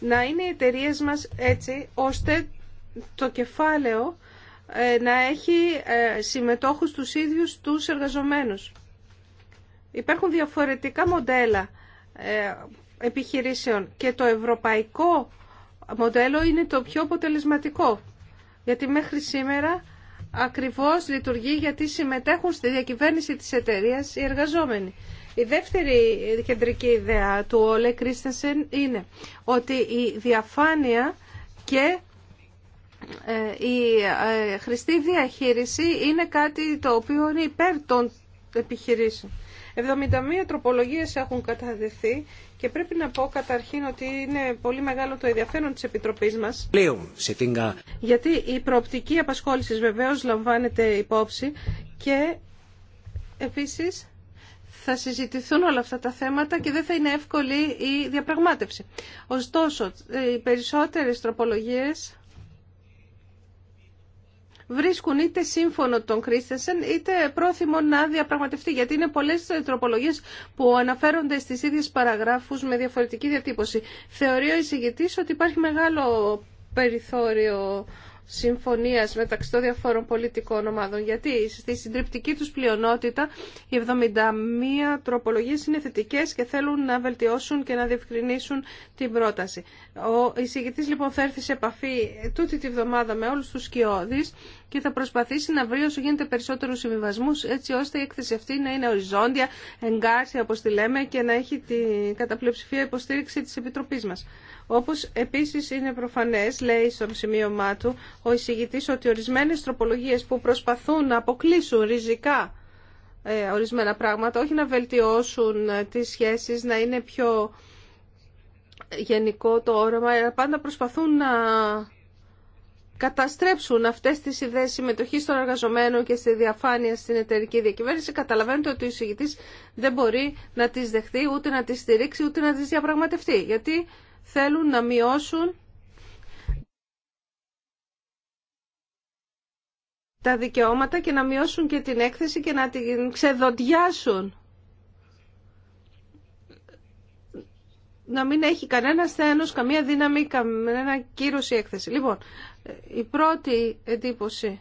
Να είναι οι εταιρείε μας έτσι ώστε το κεφάλαιο ε, να έχει ε, συμμετόχους τους ίδιους τους εργαζομένους. Υπάρχουν διαφορετικά μοντέλα ε, επιχειρήσεων και το ευρωπαϊκό μοντέλο είναι το πιο αποτελεσματικό γιατί μέχρι σήμερα ακριβώς λειτουργεί γιατί συμμετέχουν στη διακυβέρνηση της εταιρεία οι εργαζόμενοι. Η δεύτερη κεντρική ιδέα του Όλε Κρίστασεν είναι ότι η διαφάνεια και ε, η ε, χρηστή διαχείριση είναι κάτι το οποίο είναι υπέρ των επιχειρήσεων. 71 τροπολογίες έχουν καταδεθεί και πρέπει να πω καταρχήν ότι είναι πολύ μεγάλο το ενδιαφέρον της Επιτροπής μας. Γιατί η προοπτική απασχόλησης βεβαίως λαμβάνεται υπόψη και επίσης θα συζητηθούν όλα αυτά τα θέματα και δεν θα είναι εύκολη η διαπραγμάτευση. Ωστόσο, οι περισσότερες τροπολογίες βρίσκουν είτε σύμφωνο τον Κρίστεσεν είτε πρόθυμο να διαπραγματευτεί. Γιατί είναι πολλέ τροπολογίε που αναφέρονται στι ίδιε παραγράφου με διαφορετική διατύπωση. Θεωρεί ο εισηγητή ότι υπάρχει μεγάλο περιθώριο συμφωνία μεταξύ των διαφόρων πολιτικών ομάδων. Γιατί στη συντριπτική του πλειονότητα οι 71 τροπολογίε είναι θετικέ και θέλουν να βελτιώσουν και να διευκρινίσουν την πρόταση. Ο εισηγητή λοιπόν θα έρθει σε επαφή τούτη τη βδομάδα με όλου του σκιώδει και θα προσπαθήσει να βρει όσο γίνεται περισσότερου συμβιβασμού, έτσι ώστε η έκθεση αυτή να είναι οριζόντια, εγκάρσια όπω τη λέμε και να έχει την καταπλειοψηφία υποστήριξη τη Επιτροπής μα. Όπω επίση είναι προφανέ, λέει στο σημείωμά του ο εισηγητή, ότι ορισμένε τροπολογίε που προσπαθούν να αποκλείσουν ριζικά ε, ορισμένα πράγματα, όχι να βελτιώσουν ε, τι σχέσει να είναι πιο γενικό το όραμα, πάντα προσπαθούν να καταστρέψουν αυτές τις ιδέες συμμετοχή των εργαζομένων και στη διαφάνεια στην εταιρική διακυβέρνηση, καταλαβαίνετε ότι ο εισηγητή δεν μπορεί να τι δεχτεί, ούτε να τι στηρίξει, ούτε να τι διαπραγματευτεί, γιατί θέλουν να μειώσουν τα δικαιώματα και να μειώσουν και την έκθεση και να την ξεδοντιάσουν. να μην έχει κανένα θένος, καμία δύναμη, κανένα κύρωση έκθεση. Λοιπόν, η πρώτη εντύπωση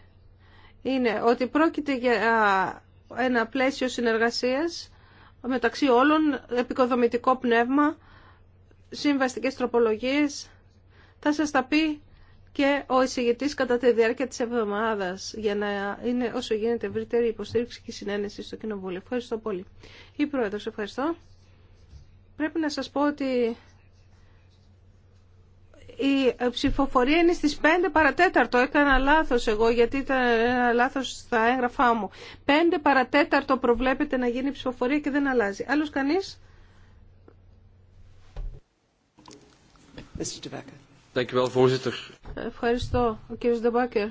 είναι ότι πρόκειται για ένα πλαίσιο συνεργασίας μεταξύ όλων, επικοδομητικό πνεύμα, συμβαστικές τροπολογίες. Θα σας τα πει και ο εισηγητής κατά τη διάρκεια της εβδομάδας για να είναι όσο γίνεται ευρύτερη υποστήριξη και συνένεση στο Κοινοβούλιο. Ευχαριστώ πολύ. Η Πρόεδρος, ευχαριστώ. Πρέπει να σας πω ότι η ψηφοφορία είναι στις 5 παρατέταρτο. Έκανα λάθος εγώ γιατί ήταν ένα λάθος στα έγγραφά μου. 5 παρατέταρτο προβλέπεται να γίνει η ψηφοφορία και δεν αλλάζει. Άλλος κανείς? Ευχαριστώ, ο κύριος Ντεμπάκερ.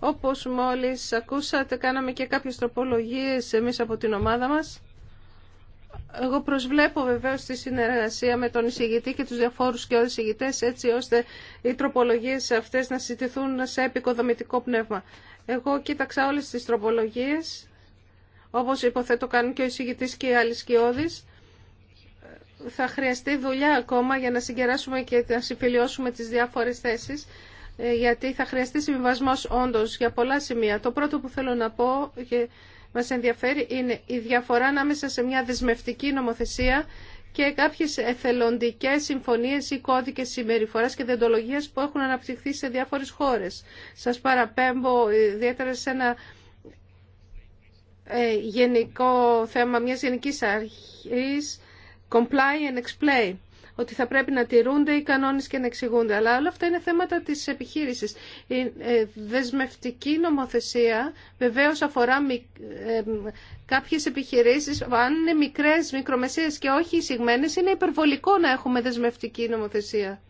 Όπως μόλις ακούσατε, κάναμε και κάποιες τροπολογίες εμείς από την ομάδα μας εγώ προσβλέπω βεβαίω τη συνεργασία με τον εισηγητή και του διαφόρου και όλου εισηγητέ, έτσι ώστε οι τροπολογίε αυτέ να συζητηθούν σε επικοδομητικό πνεύμα. Εγώ κοίταξα όλε τι τροπολογίε, όπω υποθέτω κάνουν και ο εισηγητή και οι άλλοι σκιώδει. Θα χρειαστεί δουλειά ακόμα για να συγκεράσουμε και να συμφιλειώσουμε τι διάφορε θέσει, ε, γιατί θα χρειαστεί συμβιβασμό όντω για πολλά σημεία. Το πρώτο που θέλω να πω μας ενδιαφέρει είναι η διαφορά ανάμεσα σε μια δεσμευτική νομοθεσία και κάποιες εθελοντικές συμφωνίες ή κώδικες συμπεριφοράς και δεντολογίας που έχουν αναπτυχθεί σε διάφορες χώρες. Σας παραπέμπω ιδιαίτερα σε ένα ε, γενικό θέμα μιας γενικής αρχής comply and explain ότι θα πρέπει να τηρούνται οι κανόνες και να εξηγούνται. Αλλά όλα αυτά είναι θέματα της επιχείρησης. Η ε, δεσμευτική νομοθεσία βεβαίως αφορά ε, κάποιες επιχειρήσεις, αν είναι μικρές, μικρομεσαίες και όχι εισηγμένες, είναι υπερβολικό να έχουμε δεσμευτική νομοθεσία.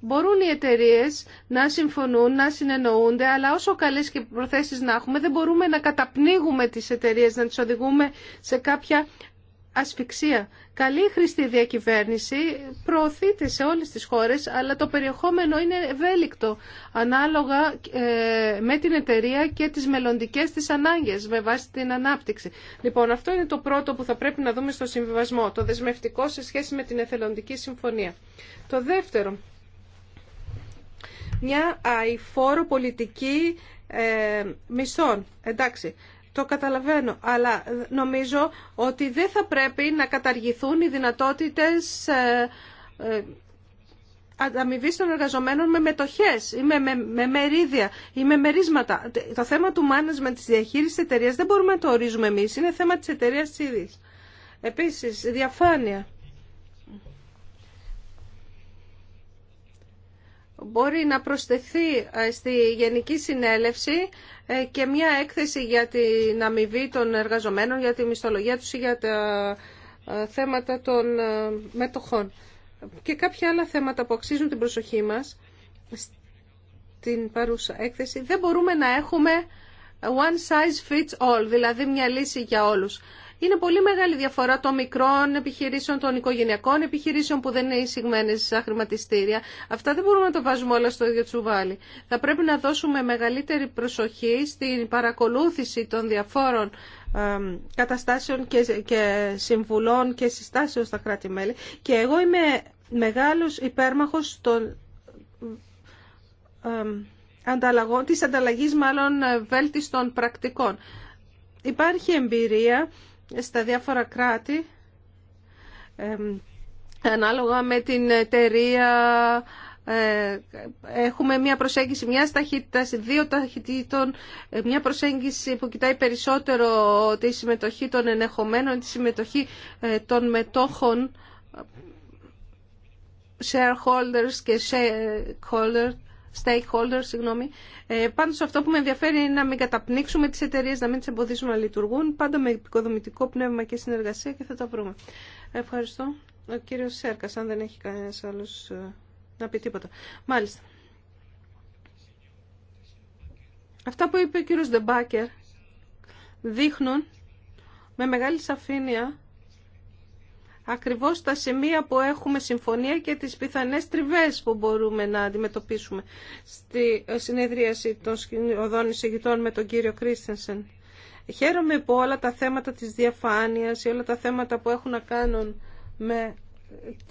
Μπορούν οι εταιρείε να συμφωνούν, να συνεννοούνται, αλλά όσο καλέ και προθέσει να έχουμε, δεν μπορούμε να καταπνίγουμε τι εταιρείε, να τι οδηγούμε σε κάποια ασφυξία. Καλή χρηστή διακυβέρνηση προωθείται σε όλες τις χώρες, αλλά το περιεχόμενο είναι ευέλικτο, ανάλογα ε, με την εταιρεία και τις μελλοντικέ της ανάγκες με βάση την ανάπτυξη. Λοιπόν, αυτό είναι το πρώτο που θα πρέπει να δούμε στο συμβιβασμό, το δεσμευτικό σε σχέση με την εθελοντική συμφωνία. Το δεύτερο, μια αηφόρο πολιτική ε, μισθών. Εντάξει, το καταλαβαίνω, αλλά νομίζω ότι δεν θα πρέπει να καταργηθούν οι δυνατότητες ε, ε, αμοιβή των εργαζομένων με μετοχέ ή με, με, μερίδια ή με μερίσματα. Το θέμα του management τη διαχείριση εταιρεία δεν μπορούμε να το ορίζουμε εμεί. Είναι θέμα τη εταιρεία τη ίδια. Επίση, διαφάνεια. μπορεί να προσθεθεί ε, στη Γενική Συνέλευση ε, και μια έκθεση για την αμοιβή των εργαζομένων, για τη μισθολογία τους ή για τα ε, θέματα των μετοχών. Και κάποια άλλα θέματα που αξίζουν την προσοχή μας στην παρούσα έκθεση. Δεν μπορούμε να έχουμε one size fits all, δηλαδή μια λύση για όλους. Είναι πολύ μεγάλη διαφορά των μικρών επιχειρήσεων, των οικογενειακών επιχειρήσεων που δεν είναι εισηγμένε στα χρηματιστήρια. Αυτά δεν μπορούμε να το βάζουμε όλα στο ίδιο τσουβάλι. Θα πρέπει να δώσουμε μεγαλύτερη προσοχή στην παρακολούθηση των διαφόρων καταστάσεων και συμβουλών και συστάσεων στα κράτη-μέλη. Και εγώ είμαι μεγάλος υπέρμαχος των ανταλλαγών, της ανταλλαγής μάλλον ε, βέλτιστων πρακτικών. Υπάρχει εμπειρία στα διάφορα κράτη ανάλογα με την εταιρεία ε, έχουμε μια προσέγγιση μιας ταχύτητας, δύο ταχυτήτων, ε, μια προσέγγιση που κοιτάει περισσότερο τη συμμετοχή των ενεχομένων, τη συμμετοχή ε, των μετόχων shareholders και shareholders stakeholders, συγγνώμη. Ε, πάντως αυτό που με ενδιαφέρει είναι να μην καταπνίξουμε τις εταιρείες, να μην τις εμποδίσουμε να λειτουργούν, πάντα με επικοδομητικό πνεύμα και συνεργασία και θα τα βρούμε. Ευχαριστώ. Ο κύριος Σέρκας, αν δεν έχει κανένας άλλος ε, να πει τίποτα. Μάλιστα. Αυτά που είπε ο κύριος Ντεμπάκερ δείχνουν με μεγάλη σαφήνεια ακριβώς τα σημεία που έχουμε συμφωνία και τις πιθανές τριβές που μπορούμε να αντιμετωπίσουμε στη συνεδρίαση των οδών εισηγητών με τον κύριο Κρίστενσεν. Χαίρομαι που όλα τα θέματα της διαφάνειας ή όλα τα θέματα που έχουν να κάνουν με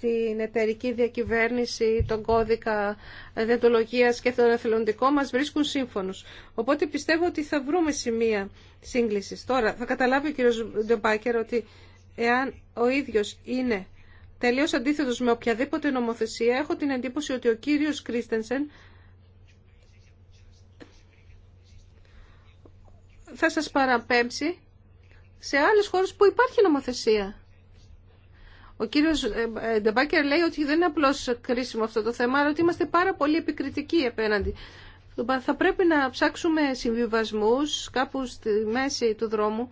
την εταιρική διακυβέρνηση, τον κώδικα δεντολογίας και τον εθελοντικό μας βρίσκουν σύμφωνους. Οπότε πιστεύω ότι θα βρούμε σημεία σύγκλησης. Τώρα θα καταλάβει ο κύριος Ντεμπάκερ ότι εάν ο ίδιος είναι τελείως αντίθετος με οποιαδήποτε νομοθεσία, έχω την εντύπωση ότι ο κύριος Κρίστενσεν θα σας παραπέμψει σε άλλες χώρες που υπάρχει νομοθεσία. Ο κύριος ε, ε, Ντεμπάκερ λέει ότι δεν είναι απλώς κρίσιμο αυτό το θέμα, αλλά ότι είμαστε πάρα πολύ επικριτικοί απέναντι. Θα πρέπει να ψάξουμε συμβιβασμούς κάπου στη μέση του δρόμου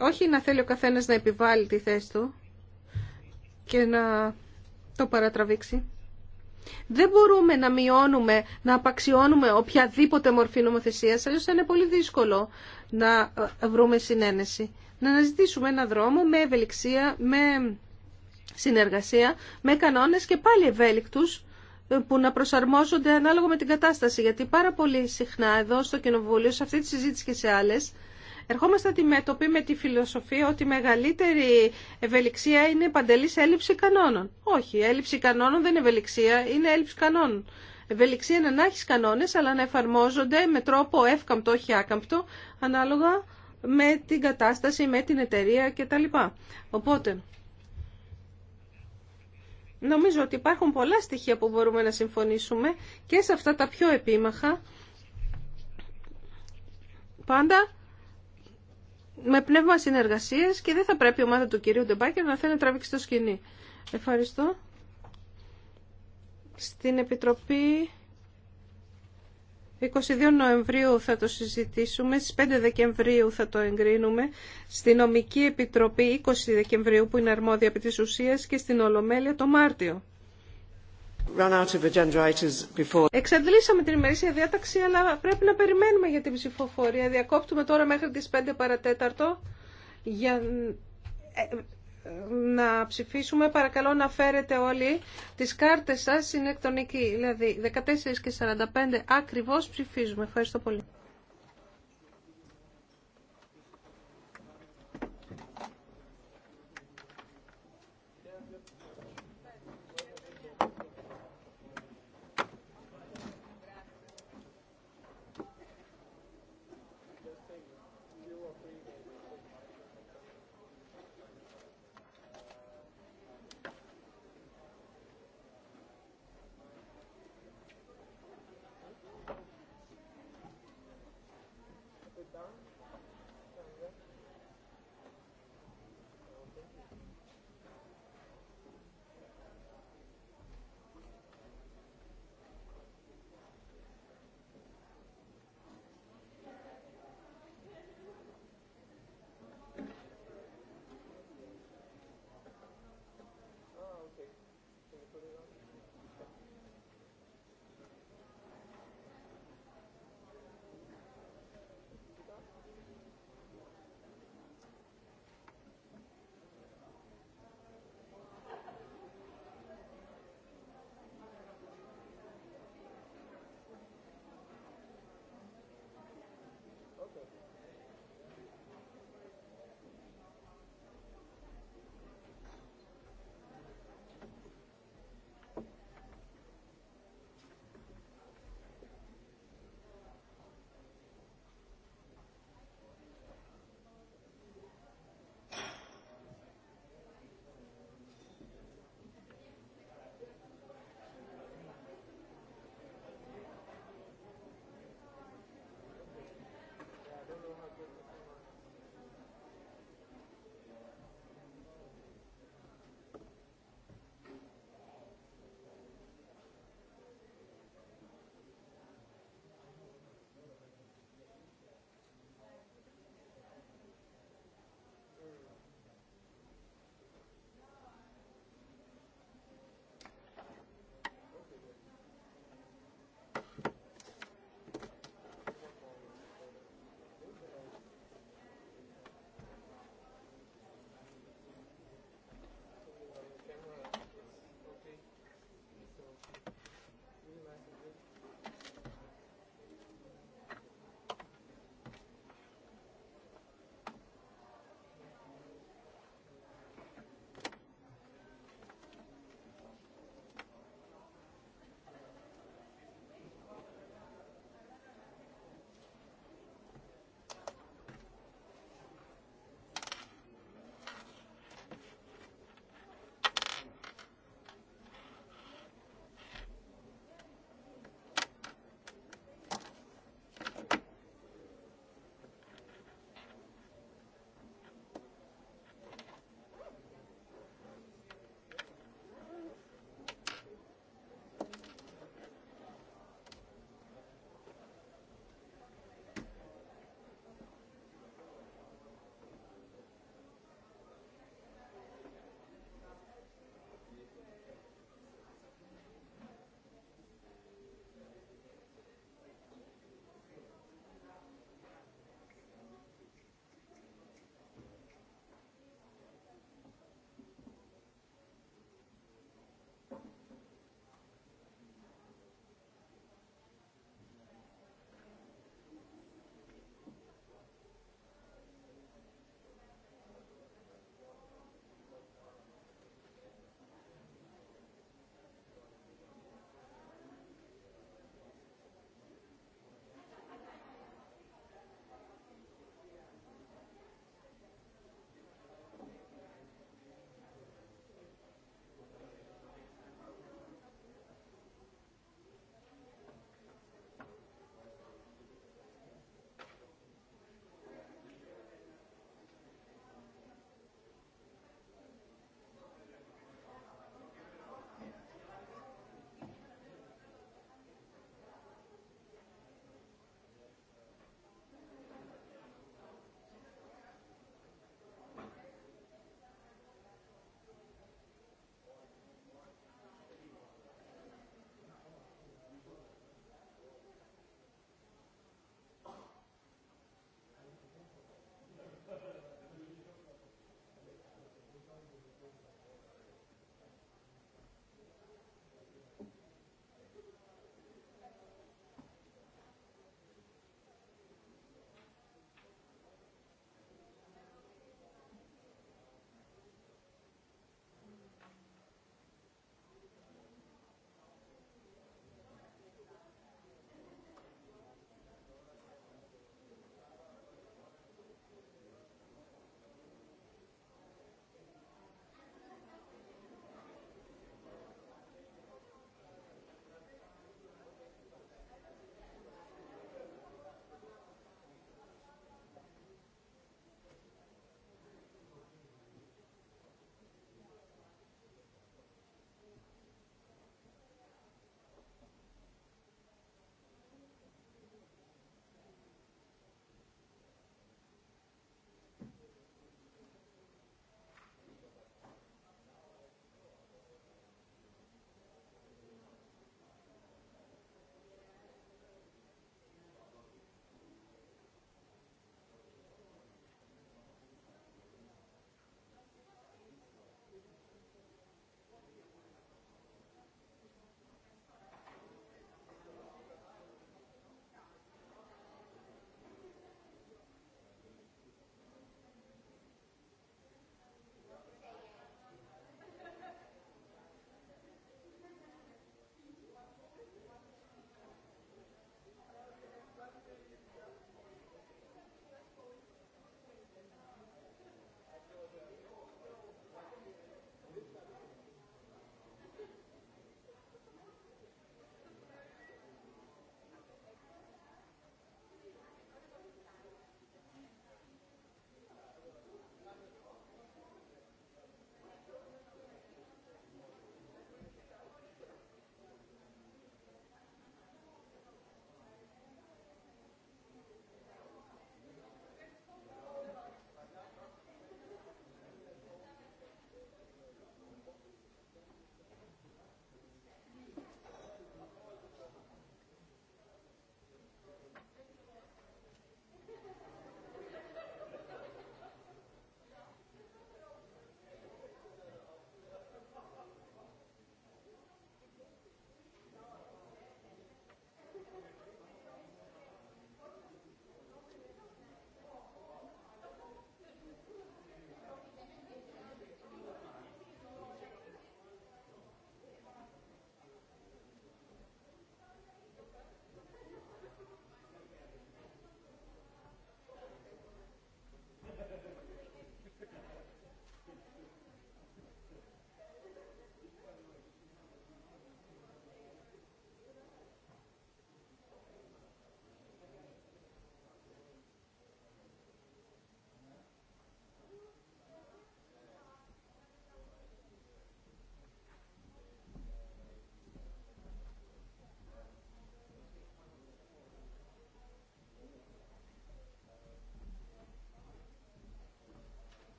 όχι να θέλει ο καθένας να επιβάλλει τη θέση του και να το παρατραβήξει. Δεν μπορούμε να μειώνουμε, να απαξιώνουμε οποιαδήποτε μορφή νομοθεσία, αλλιώ θα είναι πολύ δύσκολο να ε, βρούμε συνένεση. Να αναζητήσουμε ένα δρόμο με ευελιξία, με συνεργασία, με κανόνες και πάλι ευέλικτου ε, που να προσαρμόζονται ανάλογα με την κατάσταση. Γιατί πάρα πολύ συχνά εδώ στο Κοινοβούλιο, σε αυτή τη συζήτηση και σε άλλε. Ερχόμαστε αντιμέτωποι με τη φιλοσοφία ότι η μεγαλύτερη ευελιξία είναι παντελής έλλειψη κανόνων. Όχι, έλλειψη κανόνων δεν είναι ευελιξία, είναι έλλειψη κανόνων. Ευελιξία είναι να έχει κανόνε, αλλά να εφαρμόζονται με τρόπο εύκαμπτο, όχι άκαμπτο, ανάλογα με την κατάσταση, με την εταιρεία κτλ. Οπότε, νομίζω ότι υπάρχουν πολλά στοιχεία που μπορούμε να συμφωνήσουμε και σε αυτά τα πιο επίμαχα, πάντα με πνεύμα συνεργασία και δεν θα πρέπει η ομάδα του κυρίου Ντεμπάκερ να θέλει να τραβήξει το σκηνή. Ευχαριστώ. Στην Επιτροπή 22 Νοεμβρίου θα το συζητήσουμε, στις 5 Δεκεμβρίου θα το εγκρίνουμε, στη Νομική Επιτροπή 20 Δεκεμβρίου που είναι αρμόδια από τις ουσίας και στην Ολομέλεια το Μάρτιο. Εξαντλήσαμε την ημερήσια διάταξη, αλλά πρέπει να περιμένουμε για την ψηφοφορία. Διακόπτουμε τώρα μέχρι τις 5 παρατέταρτο για ε, να ψηφίσουμε. Παρακαλώ να φέρετε όλοι τις κάρτες σας, είναι δηλαδή 14 και 45 ακριβώς ψηφίζουμε. Ευχαριστώ πολύ.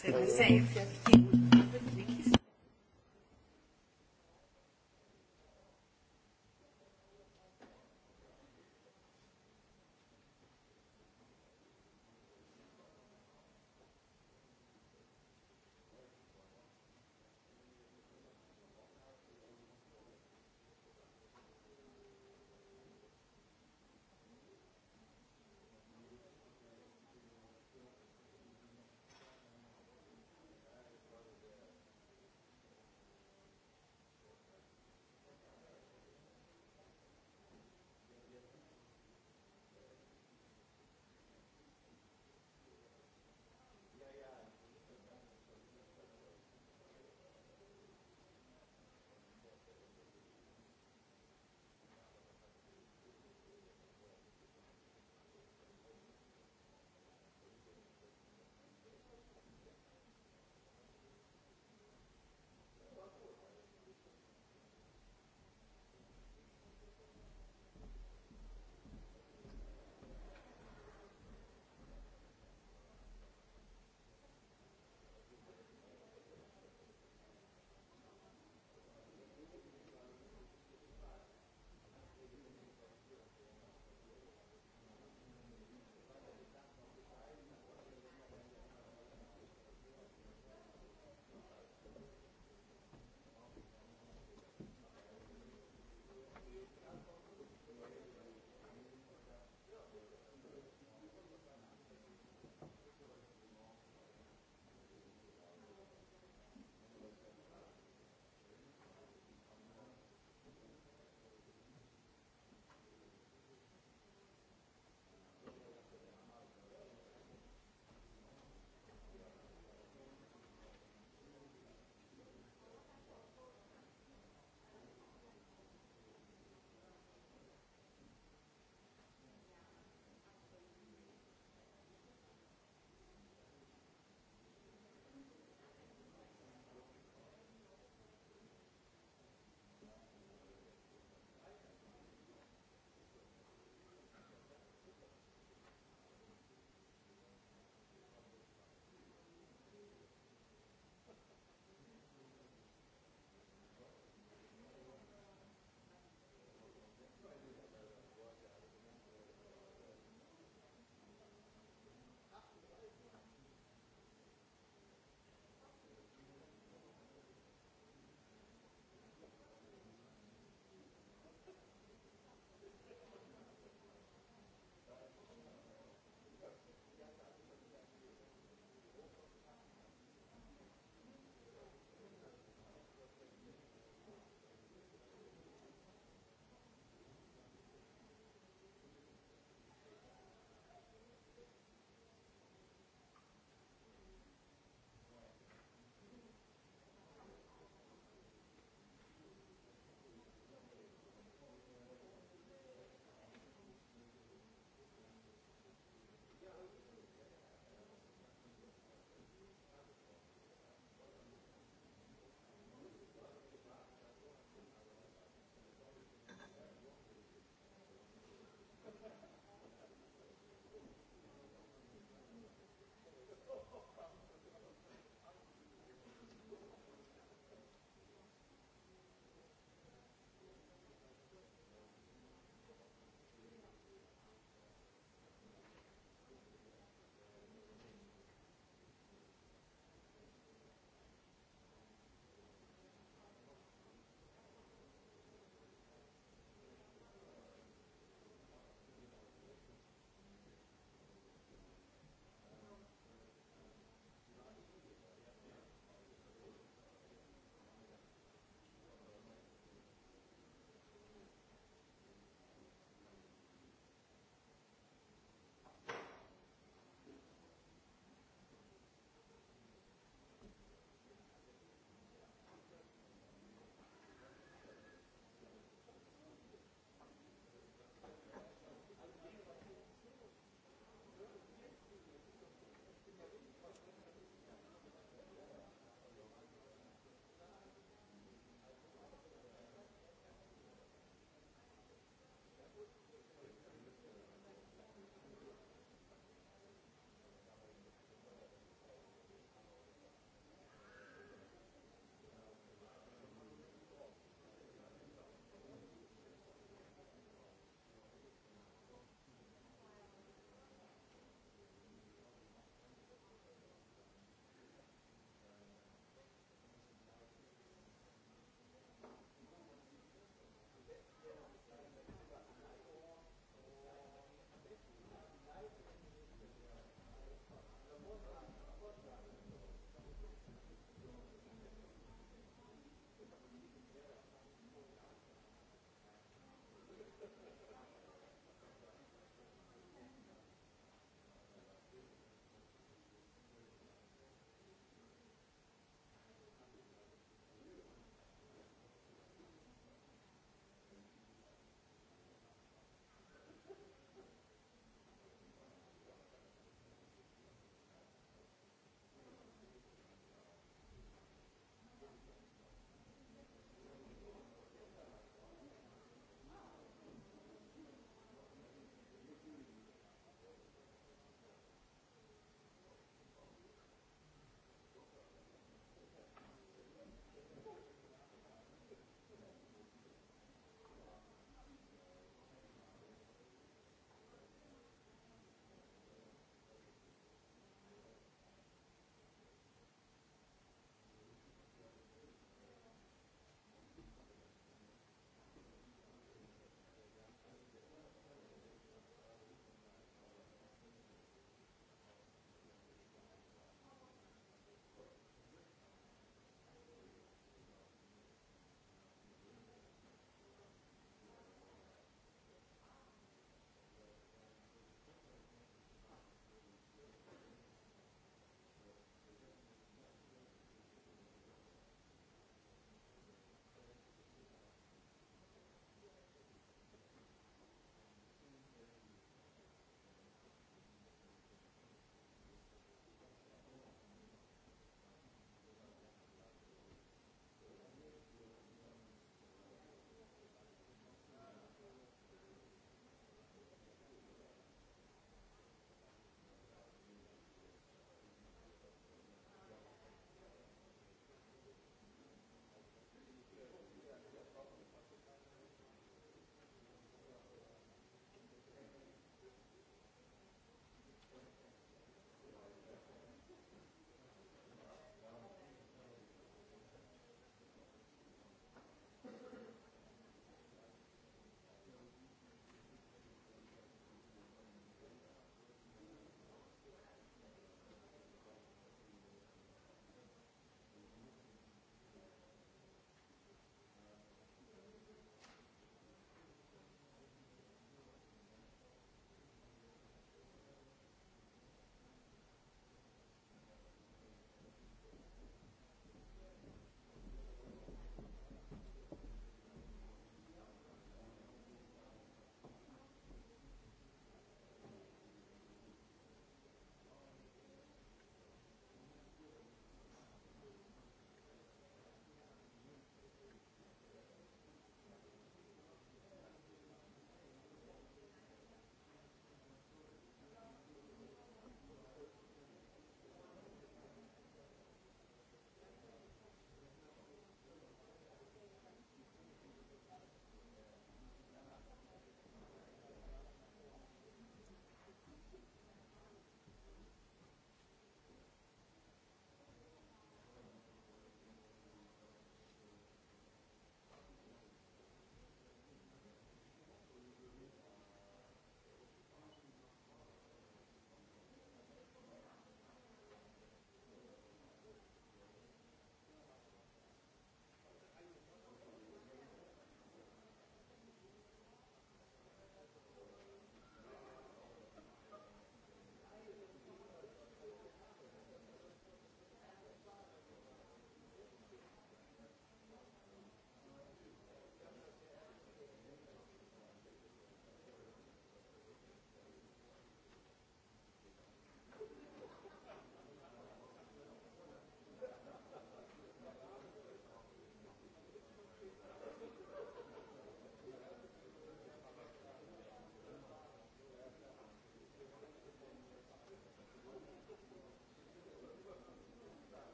σε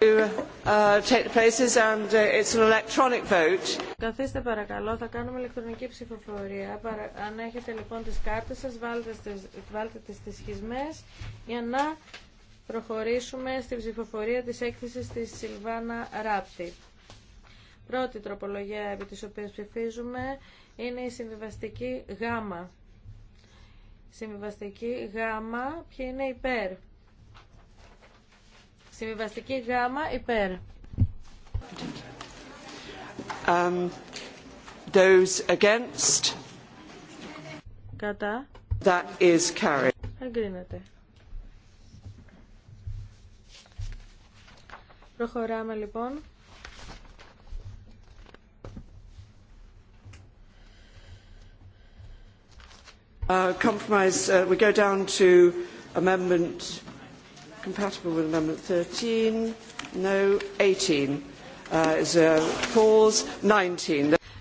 Uh, uh, Καθίστε παρακαλώ, θα κάνουμε ηλεκτρονική ψηφοφορία. Αν έχετε λοιπόν τις κάρτες σας, βάλτε τις, βάλτε στις σχισμές για να προχωρήσουμε στη ψηφοφορία της έκθεσης της Σιλβάνα Ράπτη. Πρώτη τροπολογία επί της οποίας ψηφίζουμε είναι η συμβιβαστική γάμα. Συμβιβαστική γάμα, ποια είναι υπέρ. Συμβιβαστική γάμα υπέρ. Um, those against. Κατά. That is carried. Εγκρίνεται. Προχωράμε λοιπόν. Uh, compromise, uh, we go down to amendment compatible with amendment 13. No. 18. Uh,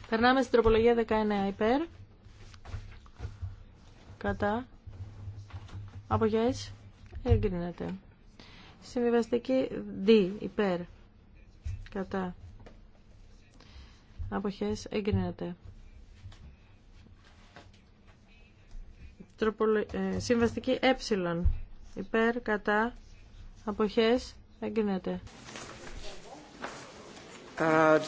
Περνάμε στην τροπολογία 19 υπέρ. Κατά. Αποχές. Εγκρίνεται. Συμβιβαστική D υπέρ. Κατά. Αποχές. Εγκρίνεται. Ε, συμβαστική ε υπέρ. Κατά. Αποχές. Εγκρίνεται. Uh,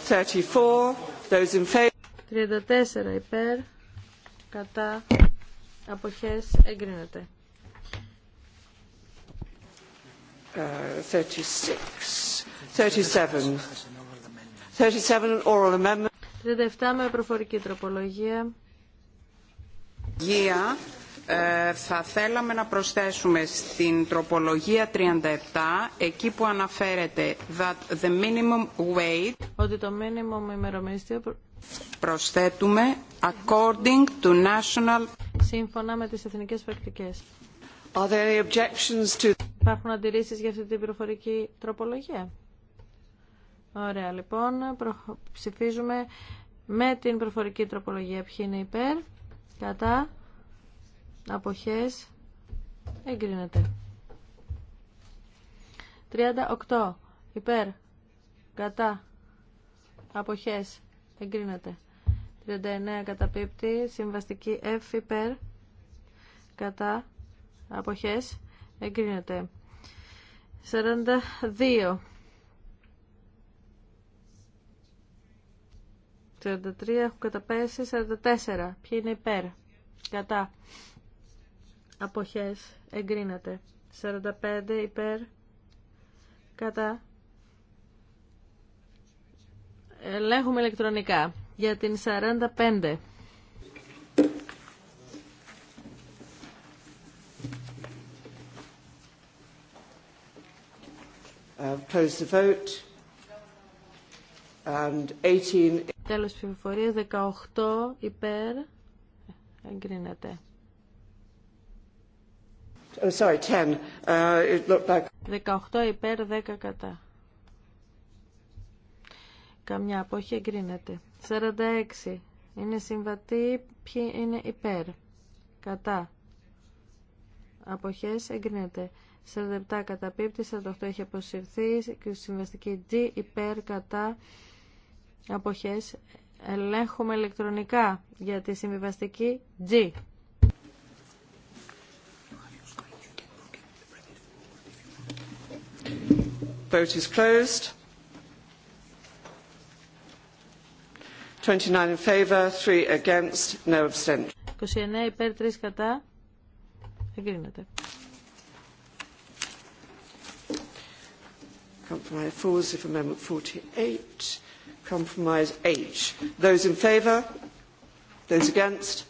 34. Those in favor. 34 υπέρ. Κατά. Αποχές. Εγκρίνεται. Uh, 36. 37. 37 oral amendment. 37 με προφορική τροπολογία. Yeah. Ε, θα θέλαμε να προσθέσουμε στην τροπολογία 37, εκεί που αναφέρεται that the minimum weight, ότι το μήνυμο ημερομίσθιο προσθέτουμε according to national σύμφωνα με τις εθνικές πρακτικές. Are there objections to... Υπάρχουν αντιρρήσεις για αυτή την προφορική τροπολογία. Ωραία, λοιπόν, ψηφίζουμε με την προφορική τροπολογία. Ποιοι είναι υπέρ, κατά, αποχές εγκρίνεται 38 υπέρ κατά αποχές εγκρίνεται 39 καταπίπτει συμβαστική F υπέρ κατά αποχές εγκρίνεται 42 43 έχουν καταπέσει 44 ποιοι είναι υπέρ κατά αποχές εγκρίνεται 45 υπέρ κατά ελέγχουμε ηλεκτρονικά για την 45 uh, Close the vote. And 18... Τέλος ψηφοφορίας 18 υπέρ εγκρίνεται. 18 uh, υπέρ 10 κατά. Καμιά απόχη εγκρίνεται. 46. Είναι συμβατή. Ποιοι είναι υπέρ. Κατά. Αποχές εγκρίνεται. 47 καταπίπτει. 48 έχει αποσυρθεί. Και συμβαστική G υπέρ κατά. Αποχές ελέγχουμε ηλεκτρονικά για τη συμβιβαστική G. Vote is closed. 29 in favour, 3 against, no abstention. 29 υπέρ, 3 κατά. Εγκρίνεται. Compromise falls if amendment 48. Compromise H. Those in favour? Those against?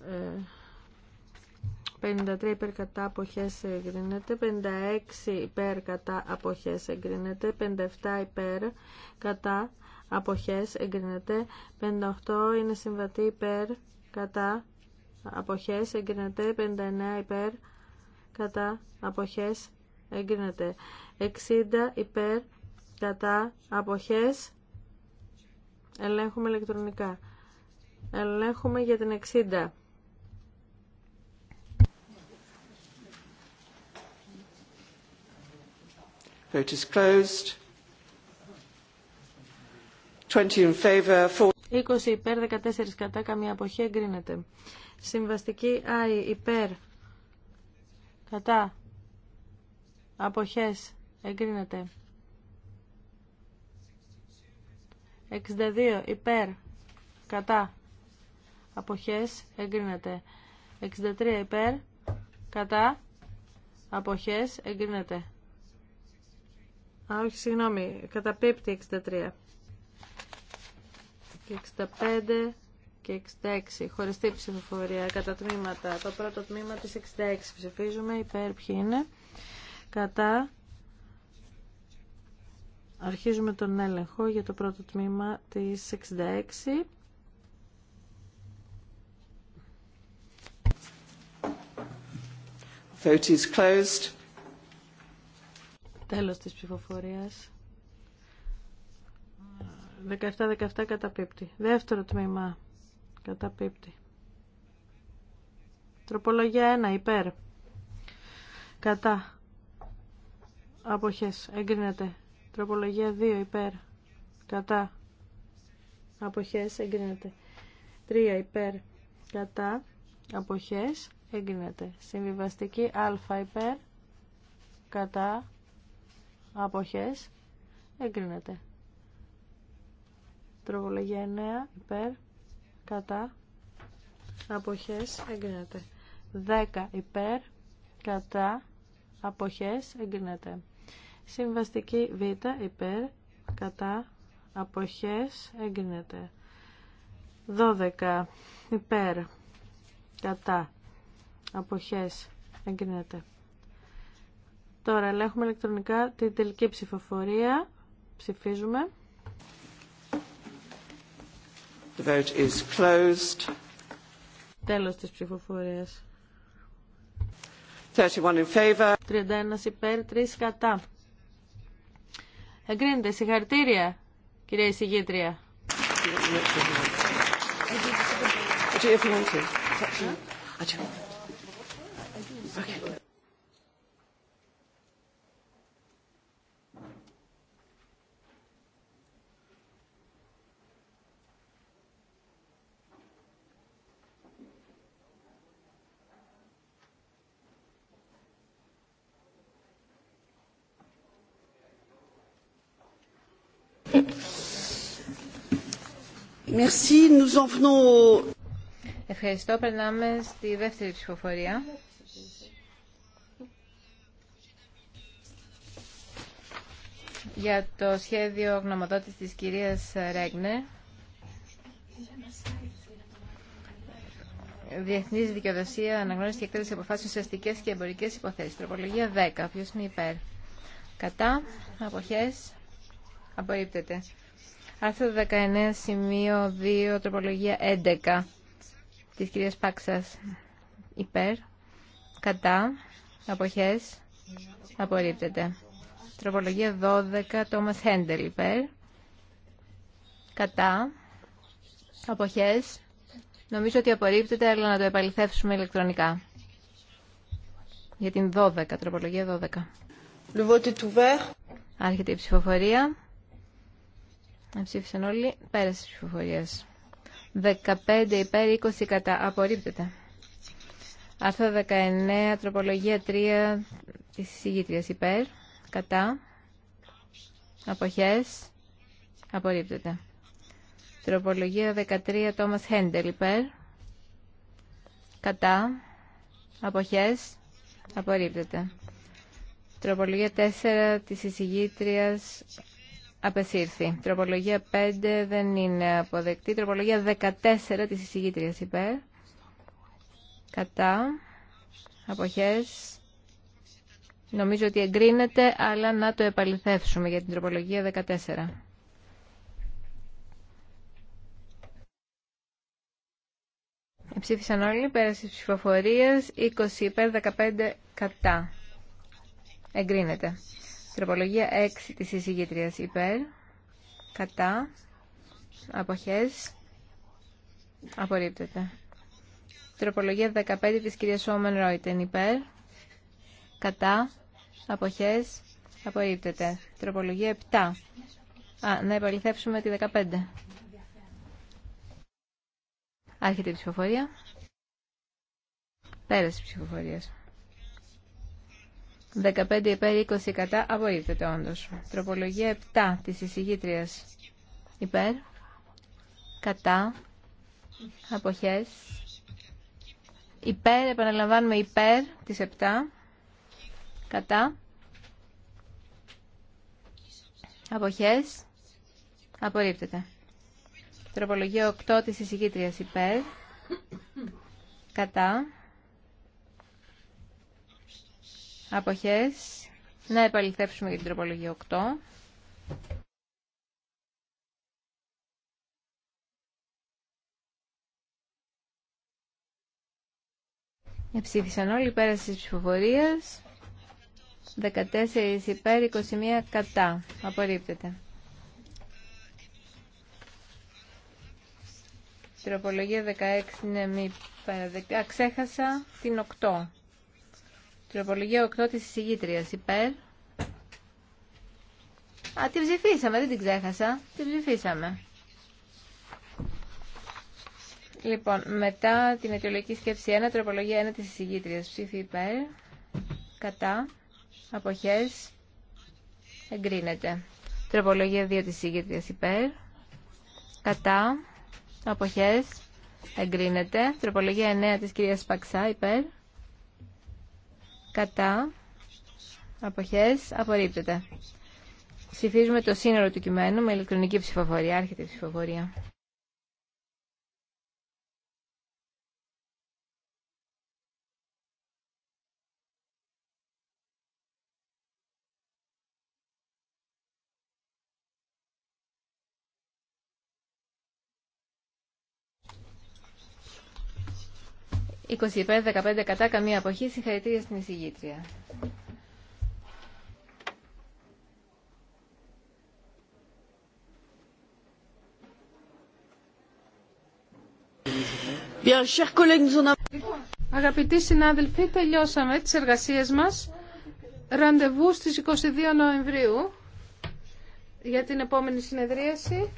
Uh 53 υπέρ κατά αποχές εγκρίνεται, 56 υπέρ κατά αποχές εγκρίνεται, 57 υπέρ κατά αποχές εγκρίνεται, 58 είναι συμβατή υπέρ κατά αποχές εγκρίνεται, 59 υπέρ κατά αποχές εγκρίνεται, 60 υπέρ κατά αποχές ελέγχουμε ηλεκτρονικά. Ελέγχουμε για την 60. Vote is closed. 20 in υπέρ, 14 κατά, καμία αποχή εγκρίνεται. Συμβαστική I υπέρ, κατά, αποχές εγκρίνεται. 62 υπέρ, κατά, αποχές εγκρίνεται. 63 υπέρ, κατά, αποχές εγκρίνεται. Α, όχι, συγγνώμη, πίπτη 63. Και 65 και 66. Χωριστή ψηφοφορία κατά τμήματα. Το πρώτο τμήμα της 66 ψηφίζουμε. Υπέρ ποιοι είναι. Κατά. Αρχίζουμε τον έλεγχο για το πρώτο τμήμα της 66. Vote is closed. Τέλος της ψηφοφορίας. 17-17 καταπίπτει. Δεύτερο τμήμα καταπίπτει. Τροπολογία 1 υπέρ. Κατά. Αποχές. Εγκρίνεται. Τροπολογία 2 υπέρ. Κατά. Αποχές. Εγκρίνεται. 3 υπέρ. Κατά. Αποχές. Εγκρίνεται. Συμβιβαστική α υπέρ. Κατά αποχές εγκρίνεται. Τροπολογία 9 υπέρ κατά αποχές εγκρίνεται. 10 υπέρ κατά αποχές εγκρίνεται. Συμβαστική Β υπέρ κατά αποχές εγκρίνεται. 12 υπέρ κατά αποχές εγκρίνεται. Τώρα ελέγχουμε ηλεκτρονικά την τελική ψηφοφορία. Ψηφίζουμε. The vote is closed. Τέλος της ψηφοφορίας. 31 in favor. 31 υπέρ, 3 κατά. Εγκρίνεται. Συγχαρητήρια, κυρία εισηγήτρια. Ευχαριστώ. Περνάμε στη δεύτερη ψηφοφορία. Για το σχέδιο γνωμοδότης της κυρίας Ρέγνε. Διεθνή δικαιοδοσία, αναγνώριση και εκτέλεση αποφάσεων σε αστικέ και εμπορικέ υποθέσει. Τροπολογία 10. Ποιο είναι υπέρ. Κατά. Αποχέ. Απορρίπτεται. Άρθρο 19, σημείο 2, τροπολογία 11 της κυρίας Πάξας. Υπέρ, κατά, αποχές, απορρίπτεται. Τροπολογία 12, Τόμας Χέντελ, υπέρ, κατά, αποχές. Νομίζω ότι απορρίπτεται, αλλά να το επαληθεύσουμε ηλεκτρονικά. Για την 12, τροπολογία 12. Le vote est ouvert. Άρχεται η ψηφοφορία. Ψήφισαν όλοι. Πέρασε τη ψηφοφορία. 15 υπέρ, 20 κατά. Απορρίπτεται. Άρθρο 19, τροπολογία 3 της συγγήτριας υπέρ, κατά, αποχές, απορρίπτεται. Τροπολογία 13, Τόμας Χέντελ υπέρ, κατά, αποχές, απορρίπτεται. Τροπολογία 4 της εισηγήτριας Απεσύρθη. Τροπολογία 5 δεν είναι αποδεκτή. Τροπολογία 14 της εισηγήτριας υπέρ. Κατά. Αποχές. Νομίζω ότι εγκρίνεται, αλλά να το επαληθεύσουμε για την τροπολογία 14. Ψήφισαν όλοι, πέρασε ψηφοφορία 20 υπέρ 15 κατά. Εγκρίνεται. Τροπολογία 6 της εισηγήτριας υπέρ, κατά, αποχές, απορρίπτεται. Τροπολογία 15 της κυρίας Όμεν Ρόιτεν υπέρ, κατά, αποχές, απορρίπτεται. Τροπολογία 7. Α, να επαληθεύσουμε τη 15. Άρχεται η ψηφοφορία. Πέρασε η ψηφοφορία. 15 υπέρ, 20 κατά. Απορρίπτεται όντω. Τροπολογία 7 της εισηγήτριας. Υπέρ. Κατά. Αποχές. Υπέρ, επαναλαμβάνουμε υπέρ τη 7. Κατά. Αποχές. Απορρίπτεται. Τροπολογία 8 της εισηγήτριας υπέρ. Κατά. Αποχές. Να επαληθεύσουμε για την τροπολογία 8. Εψήφισαν όλοι πέρα τη ψηφοφορία. 14 υπέρ, 21 κατά. Απορρίπτεται. Τροπολογία 16 είναι μη παραδεκτή. Ξέχασα την 8. Τροπολογία 8 της εισηγήτριας υπέρ. Α, την ψηφίσαμε, δεν την ξέχασα. Την ψηφίσαμε. Λοιπόν, μετά την αιτιολογική σκέψη 1, τροπολογία 1 της εισηγήτριας. Ψήφι υπέρ, κατά, αποχές, εγκρίνεται. Τροπολογία 2 της εισηγήτριας υπέρ, κατά, αποχές, εγκρίνεται. Τροπολογία 9 της κυρίας Παξά υπέρ, κατά, αποχές, απορρίπτεται. Ψηφίζουμε το σύνολο του κειμένου με ηλεκτρονική ψηφοφορία, άρχεται η ψηφοφορία. 25 15 κατά, καμία αποχή. Συγχαρητήρια στην εισηγήτρια. Αγαπητοί συνάδελφοι, τελειώσαμε τις εργασίες μας. Ραντεβού στις 22 Νοεμβρίου για την επόμενη συνεδρίαση.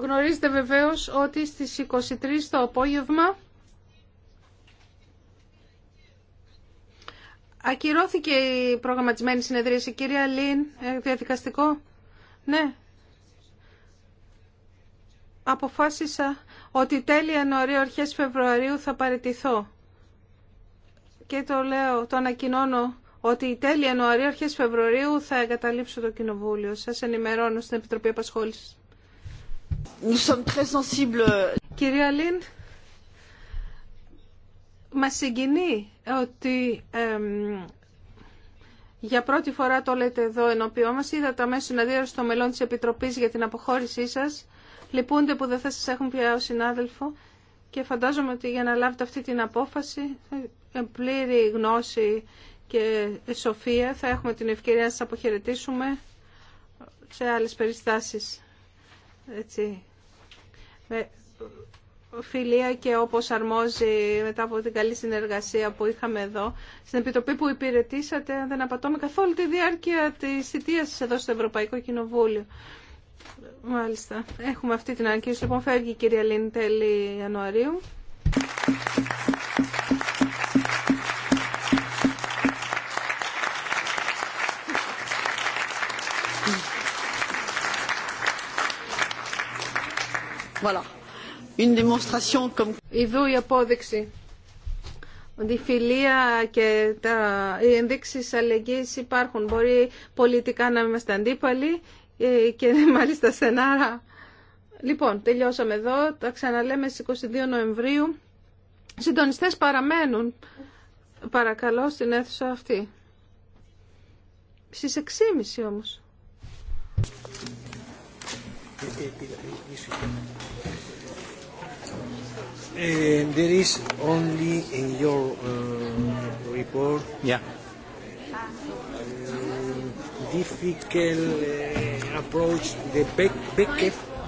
Γνωρίζετε βεβαίως ότι στις 23 το απόγευμα Ακυρώθηκε η προγραμματισμένη συνεδρίαση. Κυρία Λίν, ε, διαδικαστικό. Ναι. Αποφάσισα ότι τέλη Ιανουαρίου, αρχές Φεβρουαρίου θα παραιτηθώ. Και το λέω, το ανακοινώνω ότι η τέλη Ιανουαρίου, αρχές Φεβρουαρίου θα εγκαταλείψω το Κοινοβούλιο. Σας ενημερώνω στην Επιτροπή Απασχόλησης. Nous sommes très Κυρία Λίν, Μα συγκινεί ότι για πρώτη φορά το λέτε εδώ ενώπιό μας, είδα τα μέσα συναντήρωση των μελών της Επιτροπής για την αποχώρησή σας. Λυπούνται που δεν θα σας έχουν πια ως συνάδελφο και φαντάζομαι ότι για να λάβετε αυτή την απόφαση, ε, πλήρη γνώση και σοφία, θα έχουμε την ευκαιρία να σας αποχαιρετήσουμε σε άλλες περιστάσεις. Έτσι. Ε, φιλία και όπως αρμόζει μετά από την καλή συνεργασία που είχαμε εδώ στην Επιτροπή που υπηρετήσατε δεν απατώμε καθόλου τη διάρκεια της θητείας σας εδώ στο Ευρωπαϊκό Κοινοβούλιο. Μάλιστα. Έχουμε αυτή την ανακοίνωση. Λοιπόν, φεύγει η κυρία Λίνη τέλη Ιανουαρίου. Voilà une démonstration comme... Ιδού η απόδειξη ότι η φιλία και τα, οι ενδείξει αλληλεγγύη υπάρχουν. Μπορεί πολιτικά να είμαστε αντίπαλοι ε, και μάλιστα στενάρα. Λοιπόν, τελειώσαμε εδώ. Τα ξαναλέμε στι 22 Νοεμβρίου. Συντονιστέ παραμένουν, παρακαλώ, στην αίθουσα αυτή. Στις 6.30 όμως. There is only in your report. Yeah. Difficult approach the